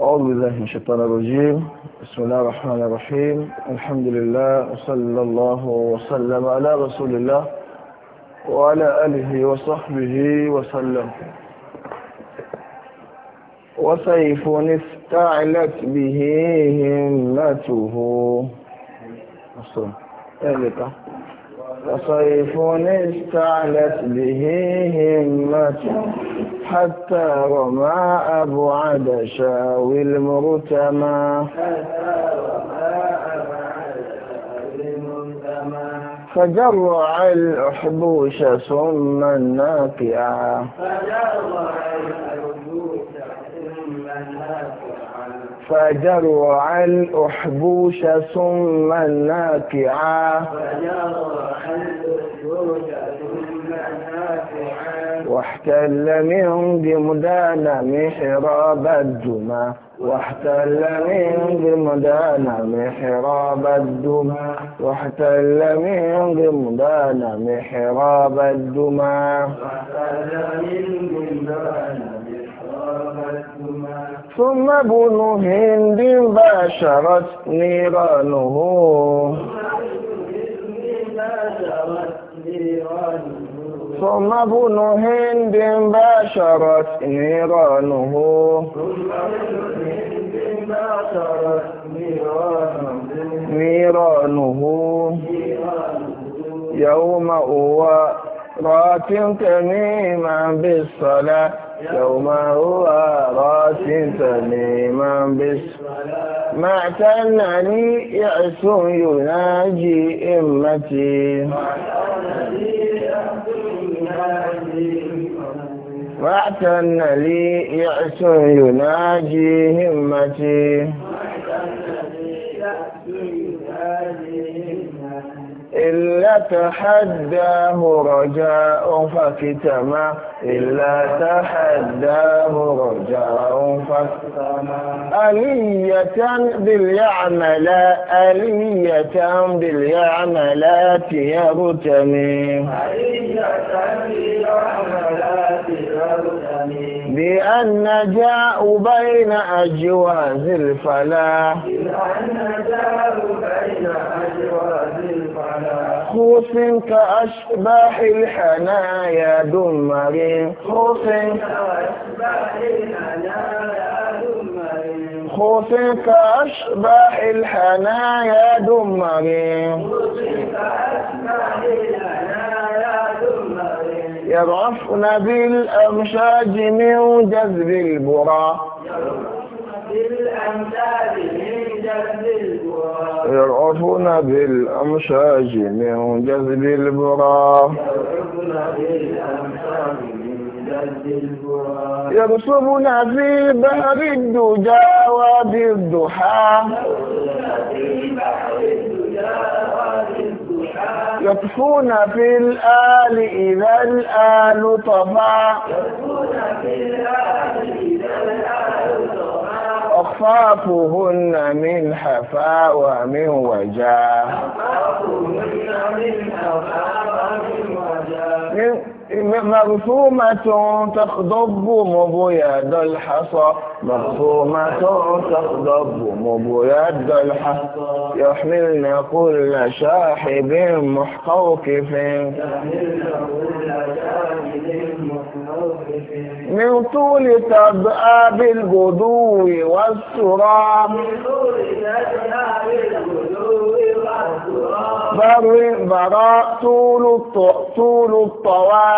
أعوذ بالله من الشيطان الرجيم بسم الله الرحمن الرحيم الحمد لله وصلى الله وسلم على رسول الله وعلى آله وصحبه وسلم وسيف استعلت به همته أصلا ذلك صيف استعلت به همة حتى رمى أبعد شاوي المرتمى فجرع الأحبوش ثم الناقعة فجرع الأحبوش ثم الناقعة فجرع واحتل من جمدان محراب الدمى واحتل من جمدان محراب الدمى واحتل من جمدان محراب الدمى ثم بنو هند باشرت نيرانه ثم هند باشرت ثم ابن هند باشرت نيرانه نيرانه يوم هو رات تميما بالصلاه يوم هو راس سليما بس ما اعتنني يأس يناجي إمتي ما اعتن لي يأس يناجي همتي إلا تحداه رجاء فكتما إلا تحداه رجاء فكتما ألية باليعملاء ألية باليعملات يرتمي ألية باليعملات يرتمي بأن جاءوا بين أجواز الفلاح بأن جاءوا بين أجواز الفلاح خوص كأشباح الحنايا دمر خوص كأشباح الحنايا خوص كأشباح الحنايا دمر يرعفن بالأمشاج من جذب البرى يرعفون بالأمشاج من جذب البرى يرعفون في بحر جذب وبالضحى يطفون في الآل إذا الآل يطفون في الآل إذا الآل طفى أخفافهن من حفاء ومن وجاه من مرسومة تخضب مبياد الحصى مرسومة تخضب مبياد الحصى يحملن كل شاحب محقوكف من طول تبقى بالغدو والسرى براء طول الطوال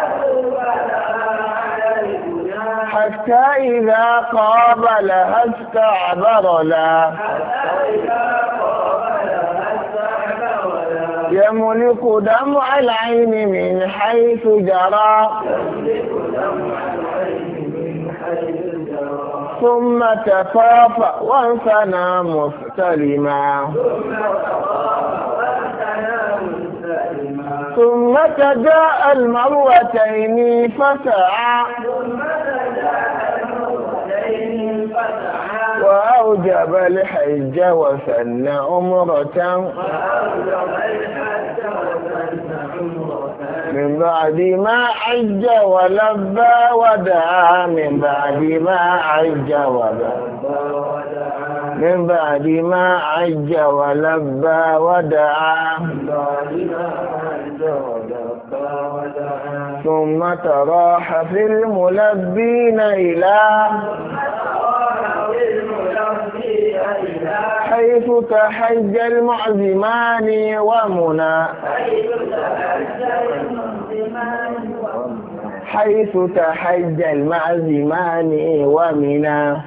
حتى إذا قابلها استعبرنا يملك دمع العين من حيث جرى ثم تفاف وانسنا مستلما ثم تجاء المروتين فسعى فأوجب الحج وسن عمرة من بعد ما حج ولبى ودعا من بعد ما حج ولبى من بعد ما عج ولبى ودعا ثم تراح في الملبين إلى حيث تحج المعزمان ومنى حيث تحج المعزمان ومنى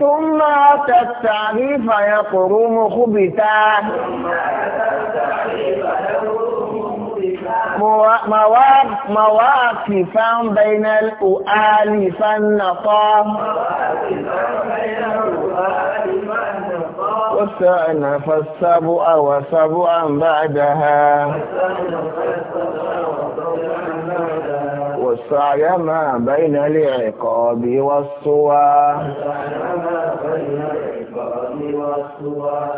ثم أتى التعريف يقرم خبتا مواقفا بين الأؤال فالنطا وسعنا فالسبع وسبعا بعدها وسعي ما بين العقاب والصوى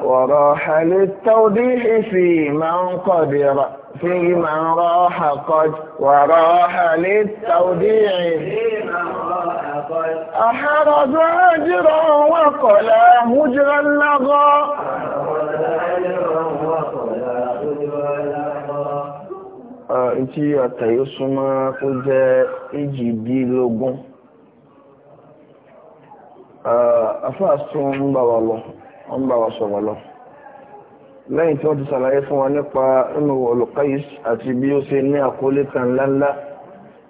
وراح للتوضيح في من قدر في من راح قد وراح قد أحرز أجرا وقلا هجر اللغى Ìtí ọ̀tà yóò súnmọ́ kó jẹ́ èjì bí lógún. Eh, àfáàsùn ń bá wa lẹ́yìn tí wọ́n ti sàlàyé fún wa nípa inú olùkọ́yìs àti bí ó ṣe ní àkólé kan ńláńlá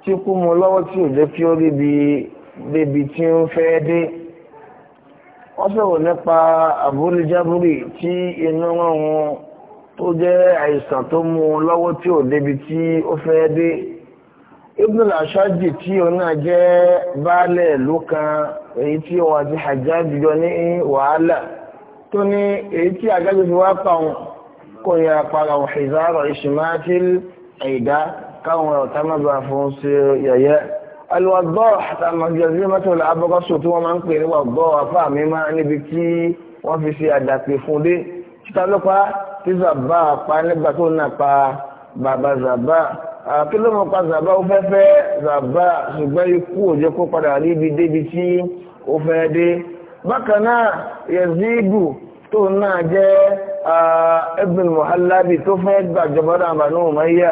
tí kú mu lọ́wọ́ tí ò jẹ́ kí ó rí bi débi tí ń fẹ́ dé nípa àbúrújábúrì tí inú wọn tó jẹ́ àìsàn tó mu lọ́wọ́ tí ò tí ó fẹ́ ibn al-ashajj tí òun náà jẹ́ baálẹ̀ ìlú kan èyí tí òun àti hajjaj jọ ní wàhálà tó ní èyí tí hajjaj fi wá pa òun kò yẹ apara òun hizara ishmatil ẹ̀dá káwọn ọ̀tá má máa ń fún dé títà lọ́pàá tí zàbá zàbá kí ló mọ̀ pa zàbá ó fẹ́ fẹ́ zàbá ṣùgbọ́n ikú òjò kó padà ríbi débi tí ó fẹ́ dé bákan náà yẹ̀zídù tó náà jẹ́ ibn muhallabi tó fẹ́ gbàjọba náà bànú umayya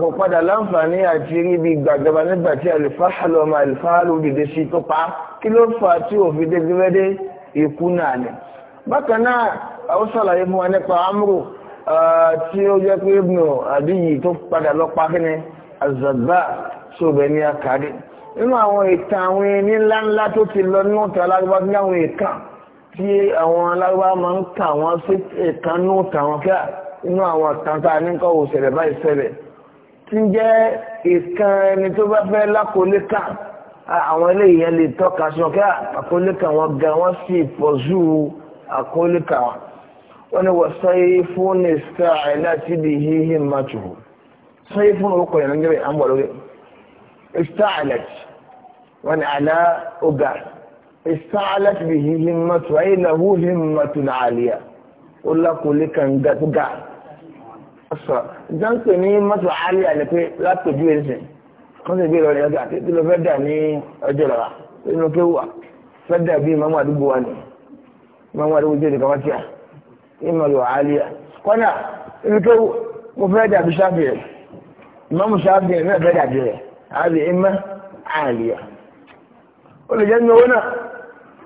kò padà láǹfààní àti ríbi gbàjọba nígbà tí alifahalu ọmọ alifahalu dìde sí tó pa kí ló fà tí òfin débi fẹ́ dé ikú náà ni bákan náà ó sàlàyé fún wa nípa amúrò Ah, tí ó jẹ́ pé ibùnà àdíyì tó padà lọ pa kí ni azàgbà sóbẹ̀ ní akadé nínú àwọn ìtàn àwọn ẹni ńláńlá tó ti lọ nínú ìtàn alágbá ní àwọn ìkàn tí àwọn alágbá máa ń kà wọ́n sí ìkàn nínú ìtàn wọn kíá nínú àwọn ìtàn tá a ní kọ́ wò báyìí ṣẹlẹ̀ tí ń jẹ́ ìkàn ẹni tó bá fẹ́ lákòólé kà àwọn eléyìí yẹn lè tọ́ka sọ kíá àkólé kà ga wọ́n sì pọ̀ zúù àkólé kà wọ́n ni wọ́n sáyé fún ní sáà láti bí híhí mátù sáyé fún orúkọ ìrìn nígbẹ̀ àmbọ̀ lórí istaalat wọ́n ni àlá ọgá istaalat bí híhí mátù ayé lahu himmatu àlìyà ó kan gàtúgà sọ jáǹpẹ̀ ní mátù àlìyà ni pé látòjú ẹ̀sìn kan sì gbé ìrọ̀lẹ́ ọjà àti ìpínlẹ̀ fẹ́ dà ní ọjọ́ ìrọ̀lá nínú kéwà fẹ́ dà bí mọ́mọ́ àdúgbò wa ni mọ́mọ́ àdúgbò jẹ́ ìdíkàwá tíà إما وعالية قناة الجو مفادع بشافعي ما مشافعي ما بدع به هذه إما عالية ولجنة هنا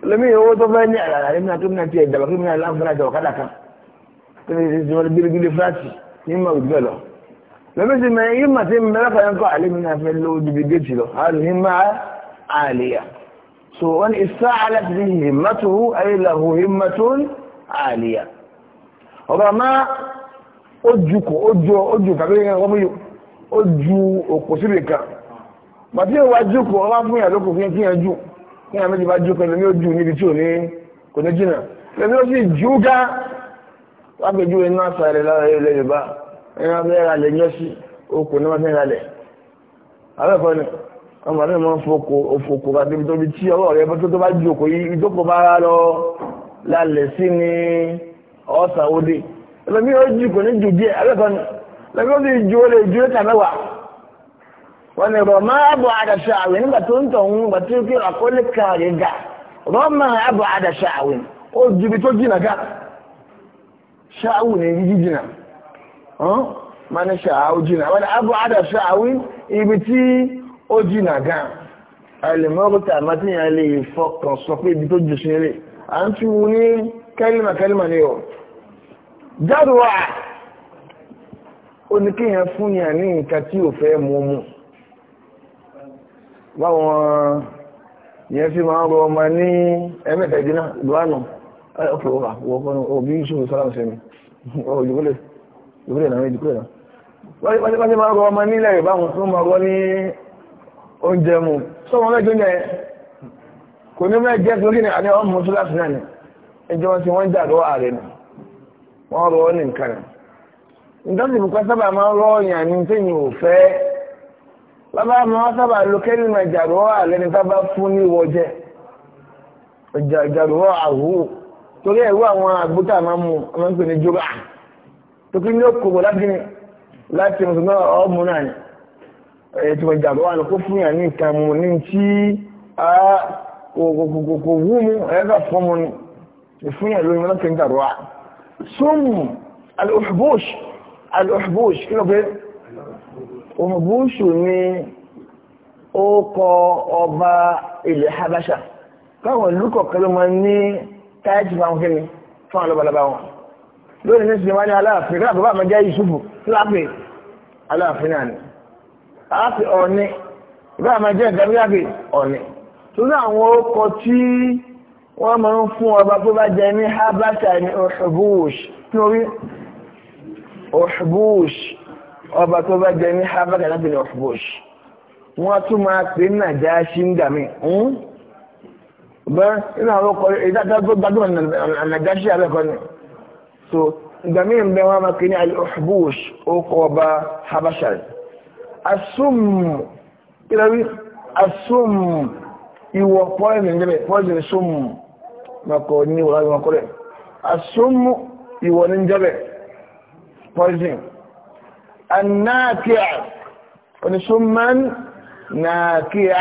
لمي هو تفاين على علمنا قمنا تيدا وقمنا الآن فلاتة وقلاكا تنزل البيل بيل فلاتي إمة وتقلو لمثل ما إمة تيم بلقى ينقع علمنا فلو دي بيجيبسلو هذه إمة عالية سواء استعلت به همته أي له همة عالية ọ̀rọ̀ ma ó ju kò ó ju ó ju kàbí ẹ̀yàn wọ́n mú yóò ó ju òkò síbi kan bàtí yóò wá ju kò ọba fún ìyàdókò fún kíyàn ju kíyàn méjì bá ju kan lómi ó ju níbi tí ò ní kò ní jìnà lómi ó sì ju gá lápẹjú inú àṣà rẹ lára ilẹ̀ Yorùbá ẹni wọn fẹ́ ra lẹ̀ okò ní wọn fẹ́ ra lẹ̀ alẹ́kọ̀ọ́ ni ọmọ rẹ máa ń fokò òfokò àti ibi tó bí tí ọwọ́ rẹ bó tó bá ju òkò yìí ìjókòó bá rà lọ lálẹ́ sí ni. ọ̀sà òde ẹlòmí ó kò ní jù díẹ̀ ẹlẹ́kọ̀ọ́ ni lẹ́gbẹ́ ó sì ju ó lè ju wọ́n ní rọ̀ máa àdàṣà àwìn nígbà tó ń tọ̀ ń gbà tí ó kí ka rè ga rọ̀ máa àdàṣà àwìn ó ju ibi tó jìnà ká ṣáàwù jìnà ní jìnà wọ́n abọ̀ ibi tí ó jìnà ti lè fọkàn sọ pé ibi tó jù sí ilé à ń kẹ́lìmà kẹ́lìmà ni ọ̀ jáduwa ó ní kíyàn fún yàn ní nǹkan tí ò fẹ́ mú mú báwọn yẹn fi máa ń rọ ọmọ ní ẹ̀mẹ́tẹ̀dínà duwánù ọ̀pọ̀ ọ̀pọ̀ ọ̀pọ̀ òbí ṣùgbù sọ́lá ṣe mi òjòkúlẹ̀ ìwúlẹ̀ náà ìjìkúlẹ̀ náà wọ́n ti máa rọ ọmọ nílẹ̀ ìbáwọn tó máa rọ ní oúnjẹ ni ìjọba tí wọ́n jà lọ́wọ́ ààrẹ nù wọ́n rọ ọ́ ní nǹkan nù nǹkan tí nǹkan sábà máa ń rọ ọ̀yàn ní tẹ̀yìn ò fẹ́ bàbá mi wọ́n sábà lo kẹ́lí mà jà lọ́wọ́ ààrẹ ní sábà fún ní ìwọ jẹ́ jà lọ́wọ́ àwò torí ẹ̀rú àwọn àgbótà máa mú ọmọ ìpè ní jọba tókí ní òkòwò láti ní láti mùsùlùmí ọmọ náà ni ètò ìjà lọ́wọ́ àlọ́ kó fún yàn ní ìkàmù ní tí kò wú mu ẹ̀ka fọ́mù ni ìfúnyà lórí wọn láti ń dàrú wa sóòmù alùhùbóṣ alùhùbóṣ kí ló pé òhùbóṣù ni ó kọ ọba ilẹ̀ habasha káwọn ìlú kọ̀ọ̀kan ló máa ní táyàtì fáwọn kiri fún àwọn lọ́balọ́ba wọn lórí ní sinimá ní aláàfin káàbọ̀ bá máa jẹ́ yusufu lápè aláàfin náà ni láti ọ̀ni bá máa jẹ́ ìdábíyàgbé ọ̀ni tó ní àwọn ọkọ̀ tí wọ́n máa ń fún ọba tó bá jẹ ní habata ní ọ̀ṣùbúṣ torí ọ̀ṣùbúṣ ọba tó bá jẹ ní habata láti ní ọ̀ṣùbúṣ wọ́n tún máa pè ní Nàjáṣì ń dàmí hmm? bẹ́ẹ̀ nínú àwọn ọkọ̀ ìdájọ́ tó gbádùn Nàjáṣì abẹ́kọ̀ ni so ìgbà míì pọ́ìnì ń pọ́ìnì súnmù mako ní wọ́n mako rẹ̀ asúnmù ìwọ̀ ní jẹ́bẹ̀ poison annáàkíà onísúnmọ́n náàkíà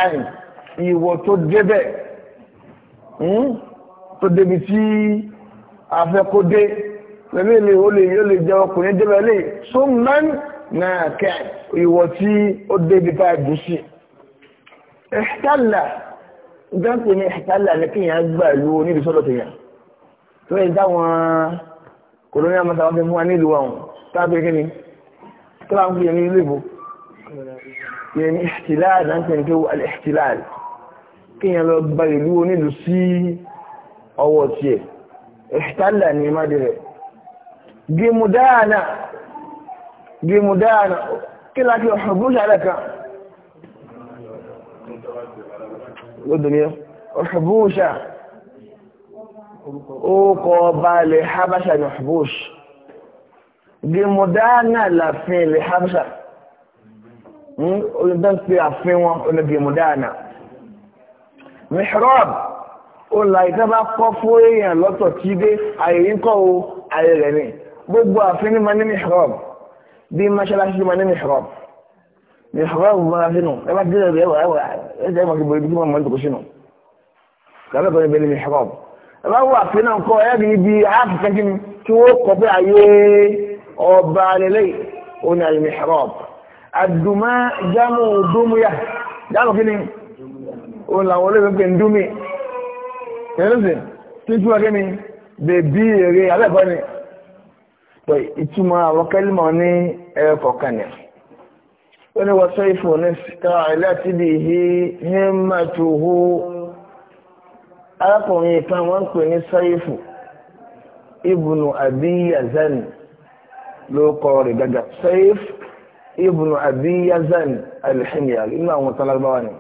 ìwọ̀ tó débẹ̀ hmm? tó débi tí afẹ́kódé pẹ̀lú ilé o lè yóò lè jẹ́ ọkùnrin débẹ̀ lè súnmọ́n náàkíà ìwọ̀ tí ó débi tá ẹ̀dùsí ẹ̀ṣtàlá gbáǹpì ní ìtàlà ní kí èèyàn gbà ìlú oníbi sọ́dọ̀ tèèyàn tó yẹ táwọn kòlóní àmọ́ta wọn fi fún wa nílùú àwọn tábí kí ni tó bá ń fi ní ilé ìbò yẹn ní ìtìláàlì náà ń pè ní kí wọ́n ìtìláàlì kí èèyàn lọ gba ìlú onílùú sí ọwọ́ tiẹ̀ ìtàlà ní ìmádìí rẹ̀ gímúdáàna gímúdáàna kí láti ọ̀hún búṣà lẹ́kàn lóbìnrin yẹn ọ̀ṣùbùṣà ó kọ baálẹ̀ habasha ní ọ̀ṣùbùṣ gèmùdánà làfin ilẹ̀ habasha hmm? olùdán pé àfin wọn ó ní gèmùdánà mihrab ó là ìtẹ́bá kọ́ fún èèyàn lọ́tọ̀ tí dé àyè yín kọ́ o àyè rẹ̀ gbogbo àfin ní ma ní mihrab bí mọ́ṣáláṣí ma ní mihrab ní ọ̀rọ̀ mọ́ra sínú ẹ bá dé ẹ̀rọ ẹwà ẹwà ẹ̀jẹ̀ ẹ̀mọ̀ kí bọ̀dé mọ̀ mọ̀tò sínú kàbẹ́ kọ́ ẹbẹ̀ ní ìṣẹ̀kọ́ ẹ bá wà pé náà kọ́ ẹ̀rí ibi áàfù kẹ́kí ni tí ó kọ́ pé ayé ọba lélẹ̀ ó ní ayé ní ìṣẹ̀kọ́ àdùmá jámù dúmúyà jámù kí wani wasu ifonis ta ilati bi hi himmatuhu arákùnrin kan wọ́n pè ní saifu ibùnù abiyazan ló kọ rẹ̀ gàgà saif ibùnù abiyazan alhimyar inú àwọn tán lágbàwà ni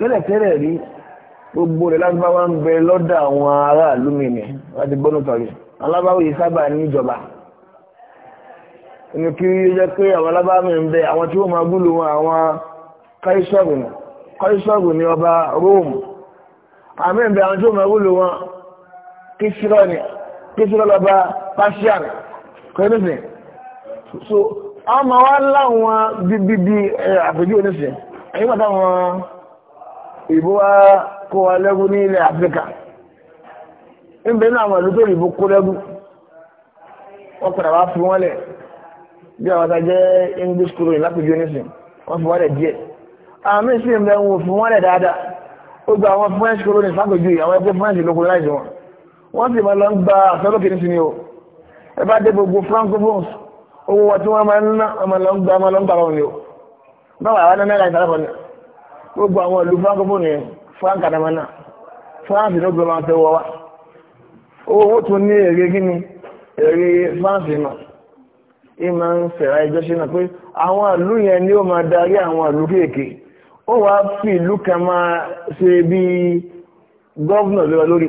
lọ́dẹ̀ tẹ́lẹ̀ rí gbogbo rẹ̀ lágbàwà ń bẹ lọ́dọ̀ àwọn ará lómìnir láti gbọ́nù tọ̀rẹ̀ alábáwò sábà ní inú kí ó jẹ́ pé àwọn alábàámi ń bẹ àwọn tí wọ́n máa gúlù wọn àwọn káísọ́ọ̀gù ni káísọ́ọ̀gù ni ọba róòmù àmì ń bẹ àwọn tí wọ́n máa gúlù wọn kíṣírọ́ ni kíṣírọ́ lọ́ba pasian kẹ́nìsìn so ọmọ wa láwọn bíbí àpèjú oníṣẹ́ ẹ̀yìn pàtàkì wọn ìbò wa kó wa lẹ́gù ní ilẹ̀ áfíríkà ń bẹ ní àwọn ìlú tó ìbò kó lẹ́gù wọ́n padà wá fi wọ́n lẹ̀ bí àwọn ta jẹ́ english colony lápèjú onísìn wọ́n fi wálẹ̀ díẹ̀ àmì sí ìmọ̀ ẹ̀wọ̀n fún wálẹ̀ dáadáa ó gba àwọn french colony sápèjú àwọn ẹgbẹ́ french ló colonize wọn wọ́n sì máa lọ ń gba àsọ́lókè ní sinmi o ẹ bá dé gbogbo francophones owó wọn tí wọ́n máa ń ná ọmọ lọ ń gba ọmọ lọ ń gba wọn ni o báwa àwọn náírà ìtàlẹ́fọ̀ ni gbogbo àwọn ìlú francophone france ló ìmọ̀ ń fẹ̀rẹ̀ ẹjọ́ ṣe náà pé àwọn ìlú yẹn ni ó máa darí àwọn ìlú kéèké ó wá fi ìlú kan máa ṣe bí gọ́vnà lọ lórí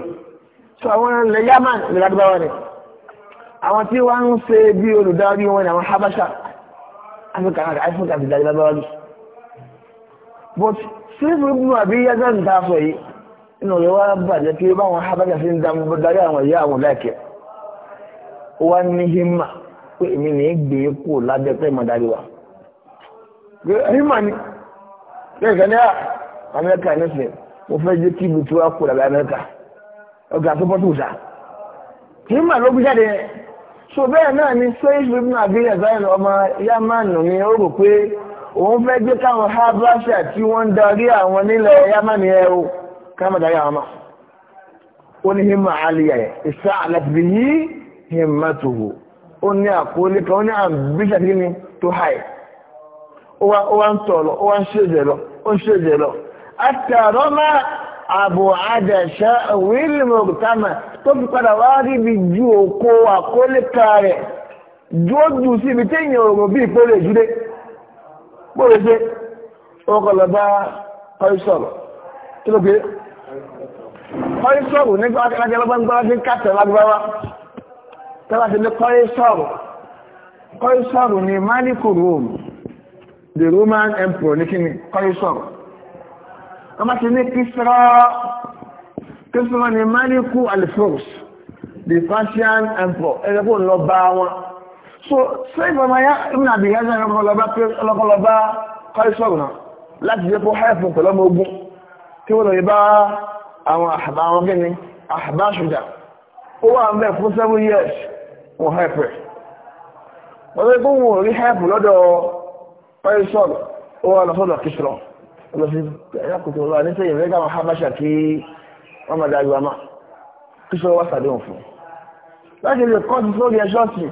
so àwọn ilẹ̀ yaman ní ládùbáwá ni àwọn tí wọ́n ń ṣe bí olùdarí wọn ni àwọn habasha africa náà africa ti darí ládùbáwá ni but sífù ibùdó àbí yájá ń ta sọ yìí inú rẹ̀ wá bàjẹ́ pé báwọn habasha ṣe ń darí àwọn ìyá àwọn láìkẹ́ wọ́n ní himma pé èmi ní gbé kú lábẹ́ pé mọ̀ dárí wa ẹ̀yìn mo ló bí jáde yẹn so bẹ́ẹ̀ náà ni sọ́yìn fún àbíyẹ̀ sáyẹn ọmọ ni ó rò pé òun fẹ́ gbé káwọn habasha tí wọ́n ń darí àwọn nílẹ̀ yamanu yẹn o káwọn darí àwọn máa ó ní himma aliyah yẹn ìsá onye a ka onye ambishadini to high o wa n tolo o wa n seje lo o n seje lo afta roma abu aja sha willy m n'oguta ma tobi padawa ribi juoko wa kwoleka re juo juusi bite iye orubu bii kolo ejide kowo we se o kola ba horisoro kilopiere horisoro ne gbaa karagbaa n kato labarawa tọ́wà ti lé kọ́ísọ̀rù ni maliku rome the roman emperor ní kí ni kọ́ísọ̀rù ọmọ ti ní kísọ́rọ̀ kísọ́rọ̀ ni maliku alifros the persian emperor ẹgbẹ́gbẹ́ lọ bá wọn so sẹ́gbẹ́ ọmọ ya ìrìn àbí ìyá jẹ́ ọlọ́kọlọba kọ́ísọ̀rù náà láti jẹ́ kó hẹ́fún pẹ̀lú ọmọ ogun tí wọ́n lọ yí bá àwọn àbá wọ́n hẹ́pù ẹ̀ wọ́n tó gbóhùn wọn rí hẹ́pù lọ́dọ̀ pẹ́sọ̀n ó wà lọ́sọ̀dọ̀ kìsìrọ̀ lọ́sí ẹ̀yàkùtù lọ́wọ́ ní sẹ́yìn rẹ́gà wọn habasha kí wọ́n máa dájú àmà kìsìrọ̀ wá sàdéhùn fún láti lè kọ́ sí sórí ẹ̀ṣọ́ sí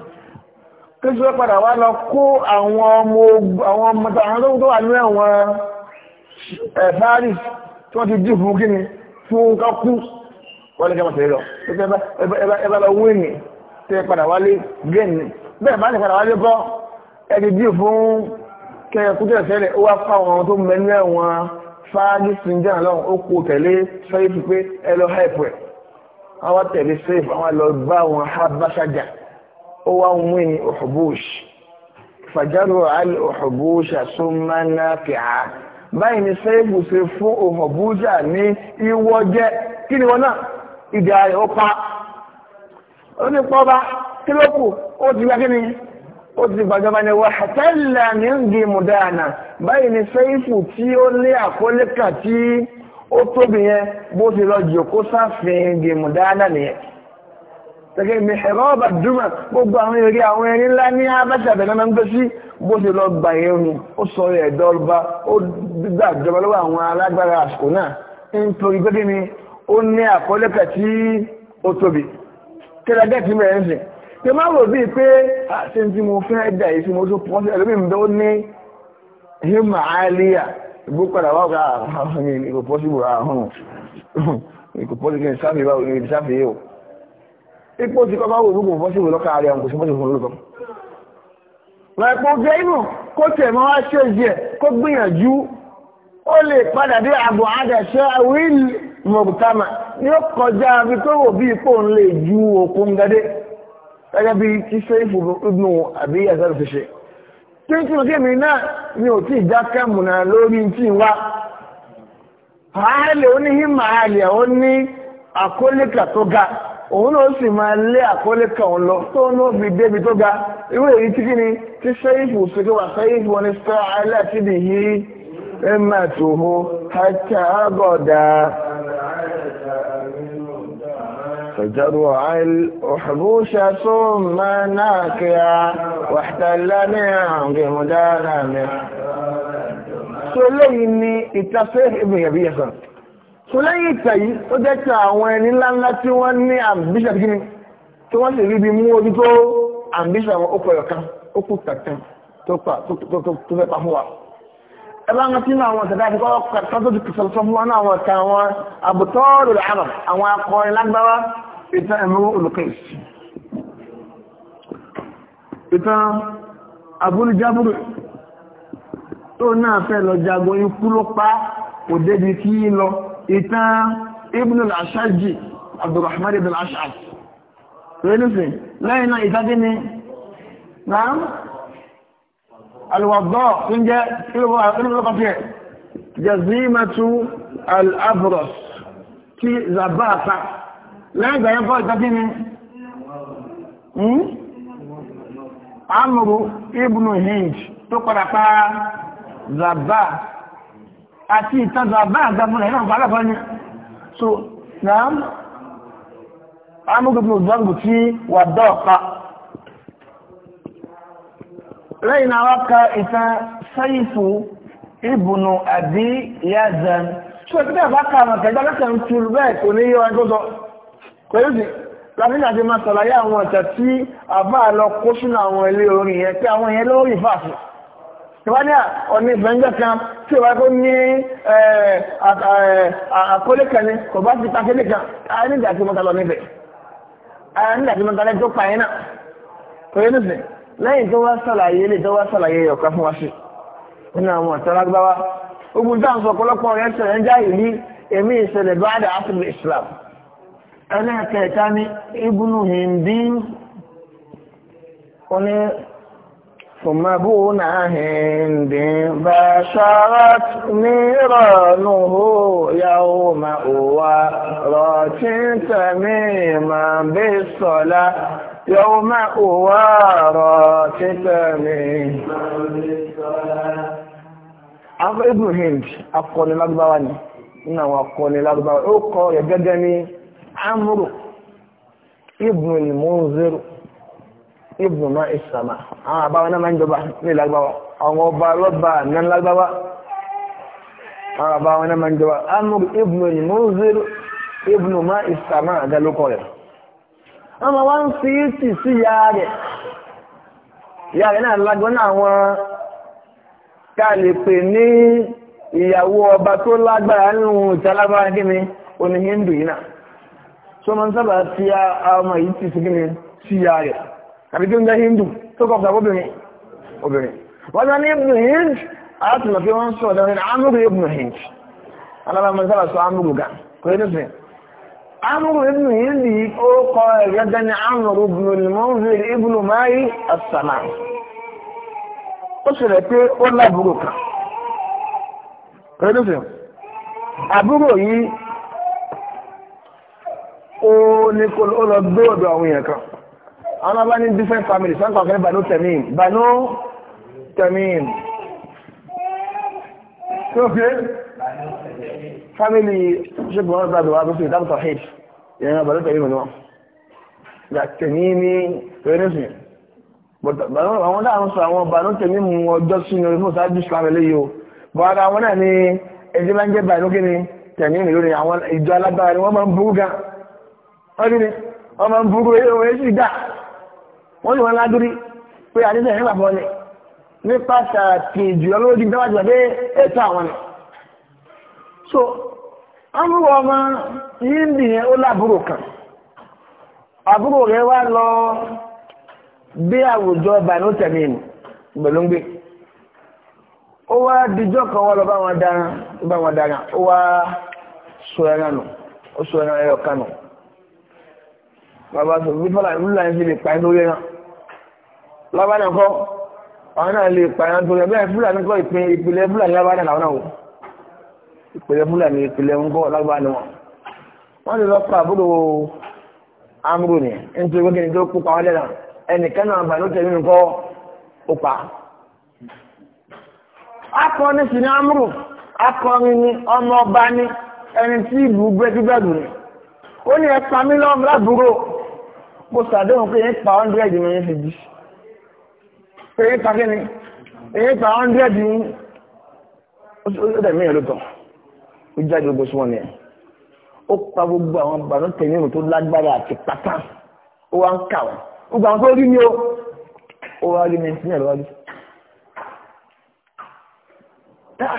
kìsìrọ̀ padà wá lọ kó àwọn ọmọ àwọn ọmọ tó wà nínú ẹ̀wọ̀n Paris eh, tí wọ́n ti dì fún kíni fún kákú wọ́n lè kẹ́ tẹ padà wálé gẹ́ẹ̀ni bẹ́ẹ̀ bá ti padà wálé kọ́ ẹni díò fún kẹkùtẹ̀ sẹ́lẹ̀ ó wá fáwọn tó mẹ́nu ẹ̀wọ̀n fáájú sinjá lọ́wọ́ ó kó tẹ̀lé sẹ́yìn pé ẹ lọ hẹ́pù ẹ̀ àwọn tẹ̀lé sẹ́yìn àwọn lọ bá wọn habashaja ó wá ń wí ní òhùbúṣ fàjárò báyìí ni sẹ́yìn ṣe fún òhùbúṣà ní ìwọ́jẹ́ kí ni wọn náà ìdí ayọ̀ onípọ́ba kí ló kù ó ti gbá kíni ó ti gbàjọba ni wọ́n àtẹ́lá ní ń di mùdáànà báyìí ni sẹ́yìnfù tí ó lé àkólẹ́kà tí ó tóbi yẹn bó ti lọ jòkó sáfin di mùdáànà nìyẹn gẹ́gẹ́ mi ẹ̀rọ ọba dúmọ̀ gbogbo àwọn eré àwọn erin ńlá ní abẹ́sàbẹ̀ náà ń gbé sí bó ti lọ gbà yẹn nù ó sọ ẹ̀dọ́ ọba ó gbàjọba lọ́wọ́ àwọn alágbára àsìkò náà nítorí pé kí ni ó ní àkólẹ́kà tí ó tóbi kẹ́lẹ́gẹ́tì mẹ́rin sìn tí máa rò bíi pé àti ah, tí mo fẹ́ dà yìí sí mo tún pọ́n sí ẹlòmíì ah, mi tó ní hima aliya ìgbópadà wà ká àwọn ní kò pọ́sibù ààrùn ah, kò pọ́sibù ní sáfì báwo ní sáfì yìí o ipò tí kọ́ bá wò lókun pọ́sibù lọ́kà ààrẹ àwọn kò sí pọ́sibù lókàn. rẹ̀ pọ̀ jẹ́ inú kó tẹ̀ mọ́ wá ṣe jẹ́ kó gbìyànjú ó lè padà dé àbò àdàṣẹ́ àwíl mọ̀bùtámà ní kọjá bí tó wò bí ipò ń lè ju òkun gadé gẹ́gẹ́ bí tí sẹ́yìnfù ibnu àbí ẹ̀sẹ̀ fi tí ń tún kí mi náà mi ò tí ì dákẹ́ mùnà lórí wá ó ní tó ga òun náà sì máa lé lọ tó ń fi débi tó ga kí ni wà ẹ̀mẹ̀tòhó hàtà àgọ̀dà فجروا الأحبوشة ثم ناكيا واحتلني بمدانمي Sọlẹ́yìn ni ìtafẹ́ ìbìyànbí ẹ̀sán. Sọlẹ́yìn ìtàyí ó jẹ́ ti àwọn ẹni ńláńlá tí wọ́n ní àmbíṣà kí ni tí wọ́n sì rí bí mú ojú tó àmbíṣà wọn ó pẹ̀lọ̀kan, ó kú kàkan tó fẹ́ pa fún wa ẹbáwọn tí náà wọn tẹ̀dá àfikọ́ tọ́tọ́ ti pèsè sọ fún wọn náà wọn tàn wọn àbùtọ́ọ̀lù àrọ̀ àwọn akọrin lágbára ìtàn ẹ̀mú olùkẹ́s ìtàn abúlùjábùrù tó náà fẹ́ lọ jagun ikú ló pa kò débi kí lọ ìtàn ibn al-ashaji abdulrahman ibn al-ashaj lẹ́yìn náà ìtàgé ni náà alwàgbọ́ tó jẹ́ ilúkọ̀fẹ́ jazimatu al-abros ti zabata lẹ́yìn ìgbà yẹn kọ́ ìtàkì ni hmm? amuru ibn hind tó padà pa zaba àti ìta zaba àgbàmùnà ìlànà pàápàá ni so náà amuru ibn zangu ti wà dọ́ọ̀pàá lẹ́yìn náà wá ka ìtàn sáyìfù ìbùnú àbí yazan tí wọ́n ti bẹ́ẹ̀ bá ka àwọn kẹjọ lẹ́sẹ̀ ń tu bẹ́ẹ̀ kò ní yọ ẹjọ́ sọ kò yóò sì láti ní àti máa sọ̀láyé àwọn ọ̀tẹ̀ tí àbá lọ kó sínú àwọn ilé orin yẹn pé àwọn yẹn lówó ìfàṣẹ ìwádìí ọ̀nà ìfẹ̀ǹjẹ̀ kan tí ìwádìí kò ní àkọlé kan ní kò bá ti takéde kan ayé nígbà tí mo ta lọ níbẹ̀ ayé nígbà tí mo ta lẹ́jọ́ pààyàn náà kò yẹ nísìnyí lẹ́yìn tó wá sàlàyé lè tó wá sàlàyé ọ̀kan fún wa sí nínú àwọn ọ̀tọ́lágbáwá ogun táwọn sọ ọ̀pọ̀lọpọ̀ rẹ̀ sọ̀rọ̀ ń já ìlú èmi ìṣẹ̀lẹ̀ bá dà áfírí Islam ẹlẹ́ẹ̀kẹta ní ibùnú hindi ó ní fòmàbù náà hindi bá ṣára ní ìrọ̀nù hó yàwó ma òwà rọ̀ tí ń tẹ̀mí ma bí sọ̀lá يوم أوارى كتابي a Ibn Hind, akọni lágbàwà ni, ní àwọn akọni lágbàwà, ó kọ rẹ̀ gẹ́gẹ́ ní Amru, Ibn al-Munzir, Ibn Ma'i Sama, àwọn àbáwọn náà máa ń jọba ní lágbàwà, àwọn ọba lọ́ba nan lágbàwà, àwọn àbáwọn ọmọ wa ń fi tì sí ya rẹ̀ ìyá rẹ̀ náà lágbọ́n náà wọn ká lè pè ní ìyàwó ọba hindu yìí so ma ń sábà ọmọ yìí sí ya rẹ̀ àbí tó ń jẹ́ hindu tó kọ̀ obìnrin obìnrin wọ́n ní hindu àti mọ̀ wọ́n sọ̀rọ̀ dáwọn amúrú ibnu hindu sábà sọ gan amúrù ibùn yìí lè ó kọ ẹ̀gẹ́gẹ́ ní amúrù ibùn olùmọ́nzìl ibùn máyì àtàlà ó ṣẹlẹ̀ pé ó lábúrò kan pẹ̀lúfẹ̀ àbúrò yìí ó ní kó lọ gbé ọ̀dọ̀ àwọn èèyàn kan àwọn bá ní different families wọ́n kọ̀ọ̀kan ní Banu Tamim Banu Tamim tí fi family ṣùgbọ́n ọ̀rọ̀ tàbí wà tó fi ìdábùtọ̀ hate ìyẹn ọ̀bà lọ́tọ̀ ìrìnà náà gàtẹ̀mí ní rẹ́nìsìn àwọn dáhùn sọ àwọn ọba ló tẹ̀mí mú ọjọ́ sínú fún sáájú islam eléyìí o bọ́ ara wọn náà ni ẹjẹ́ bá ń jẹ́ báyìí lókè ni tẹ̀mí mi lórí àwọn ìjọ alágbára ni wọ́n máa ń burú gan wọ́n ní wọ́n máa ń burú ewé sí dà wọ́n ní wọ́n ládúrí pé àdéhùn ẹ̀ nípa pàtàkì jùlọ lórí dáwàjọ pé ẹ̀tọ́ àwọn ni so amúrò ọmọ yìí ń dìyẹn ó lábúrò kan àbúrò rẹ̀ wá lọ bí àwùjọ bànú tẹ̀mí nù gbẹ̀lógbè ó wá dijọ́ kan wọ́n lọ bá wọn dáná bá wọn ó wá sọ ẹran nù ó sọ ẹran ẹyọ kan nù bàbá sọ bí fọlá ìlú láyé sí pa nítorí ẹran náà kọ́ náà lè pa ìpìlẹ̀ fúlàní ìpìlẹ̀ ń bọ̀ lágbàá ni wọn. wọ́n lè lọ pa àbúrò amúrò ni nítorí pé kìnìún tó kú pa wọ́n lẹ́nà ẹnìkan náà bàánú tẹ̀lé mi ó pa. akọni sì ni amúrò akọni ni ọmọ ọba ni ẹni tí ìlú gbẹ́dúgbẹ́dù ni ó ní ẹ pa mí lọ́wọ́ lábúrò mo ṣàdéhùn pé yín pa hundred mi yín fi pé yín pa kí ni èyí pa hundred yín ó dẹ̀ mí ẹ̀ ló tán ó jáde ogun sí wọn ni ó pa gbogbo àwọn bàánú tẹ̀míìmù tó lágbára àti pátá ó wá ń kà wọn gbogbo àwọn tó rí ni ó ó wá rí mẹsìn ẹ̀rọ wájú táà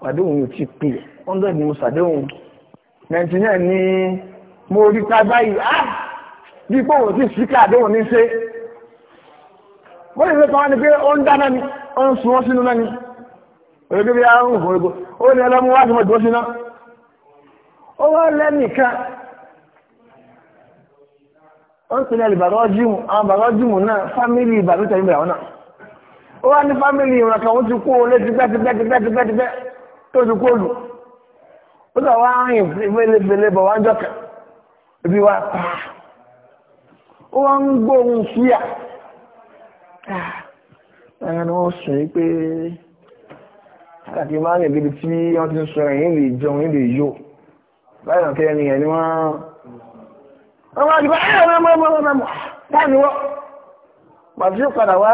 pàdéhùn yóò ti pè hundred ni mo ṣàdéhùn ninety nine ni mo rí ká báyìí á bí pé òun ti síkà àdéhùn ní ṣe wọ́n lè fẹ́ kọ́ wá ni pé ó ń dáná ni ó ń sun sínú náà ni òyìnbí a ń fò egbò ó ní ọlọ́mú wá sí mọ̀tò síná ó wá lẹ́nìkan ó ń pè ní alìbàrọ́jìmù àwọn bàrọ́jìmù náà fámílì ìbàmítà ìbẹ̀rẹ̀ àwọn náà ó wá ní fámílì ìrìn kan ó ti kó o lé tipẹ́tipẹ́tipẹ́tipẹ́ tó ti kó lù ó sọ wá ń rìn fẹ́lẹ́fẹ́lẹ́ ah, ẹ̀rọ sùn pé káàkiri máa ń lè débi tí wọ́n ti ń sọ ẹ̀yìn lè jẹun ní lè yó báyọ̀ kẹ́ ẹni ẹ̀ ni wọ́n wọ́n máa dìbò ẹ̀yọ̀ máa máa máa máa máa ní wọ́n bàbá yóò padà wá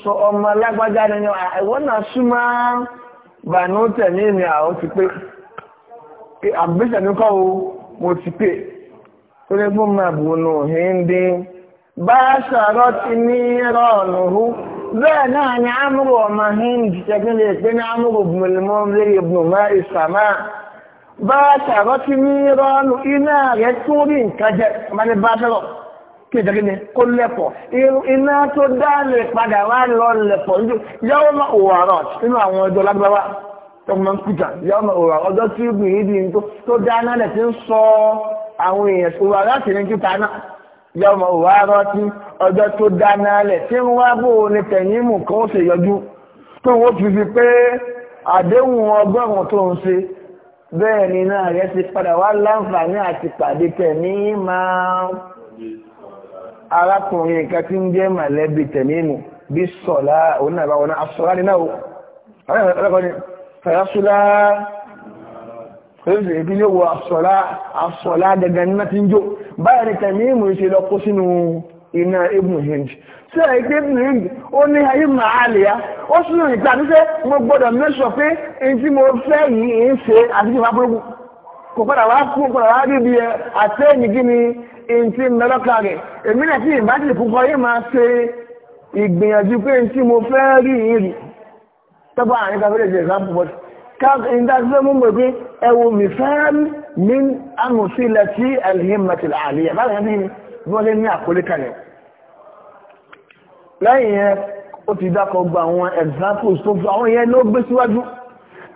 sọ ọmọ alágbájá ni ẹ̀wọ́n ah, náà súnmọ́ bàánú tẹ̀lé mi àwọn ti pé àbíṣẹ̀ ní kọ́ mo ti pé tó lé gbọ́n máa bù nù hìndín bá ṣàrọ́ ti ní rọ̀ọ̀nù hù bẹ́ẹ̀ náà ni amúrò ọmọ hindi tẹ́kínlẹ̀ pé ní amúrò bùnmọ̀lẹ́mọ́ lórí ìbùnmọ́ ìsàmá bá tààrọ́ ti ní rọ́nù iná rẹ̀ tó rí nǹkan jẹ́ ọmọdé bá tọrọ kí ìjọ kíni kó lẹ́pọ̀ iná tó dá lè padà wá lọ lẹ́pọ̀ nítorí yàwó máa òwò nínú àwọn ọjọ́ lágbára tó máa ń kújà yàwó máa òwò ọjọ́ tí gbìyànjú tó dáná lẹ̀ yọmọ wà rántí ọjọ́ tó dáná lẹ̀ tí ń wá bó ní tẹ̀yìnmù kan ó ṣe yọjú tó wọ́n fi fi pé àdéhùn ọgọ́rùn-ún tó ń ṣe bẹ́ẹ̀ ni náà rẹ̀ ti padà wá láǹfààní àti pàdé tẹ̀mí máa arákùnrin nǹkan tí ń jẹ́ mọ̀lẹ́bí tẹ̀mí mu bí sọ̀lá òun náà bá wọn náà asọ̀rá náà ó oríṣìí èbí ní wo àṣọ̀lá dandan ní láti ń jó báyìí ní tẹ̀mí ìmú ìṣe lọ kó sínú iná ibùn hind tí ẹ̀ gbé ibùn hind ó ní ayé màá lè ya ó sì rìn ìgbà tó fẹ́ mo gbọ́dọ̀ mẹ́sọ̀ pé èyí tí mo fẹ́ yìí ń ṣe àti ìfà burúkú kò padà wá kú padà wá rí ibi ẹ àtẹ́yìn kí ni èyí tí ń lọ́lọ́ka rẹ̀ èmi náà tí ìbá ti yìí máa ṣe ìgbìyànjú pé èyí tí mo fẹ́ rí yìí rí tọ́pọ̀ àríkà fẹ́rẹ̀ jẹ́ example ìdájọ́ mú mọ̀ pé ẹwọ mìfẹ́rán ní amòsílẹ̀ tí alhimmatil aliyah báyìí ní wọ́n lé ní àkólé kalẹ̀ lẹ́yìn yẹn ó ti dákọ̀ gba àwọn examples tó fi àwọn yẹn ló gbé síwájú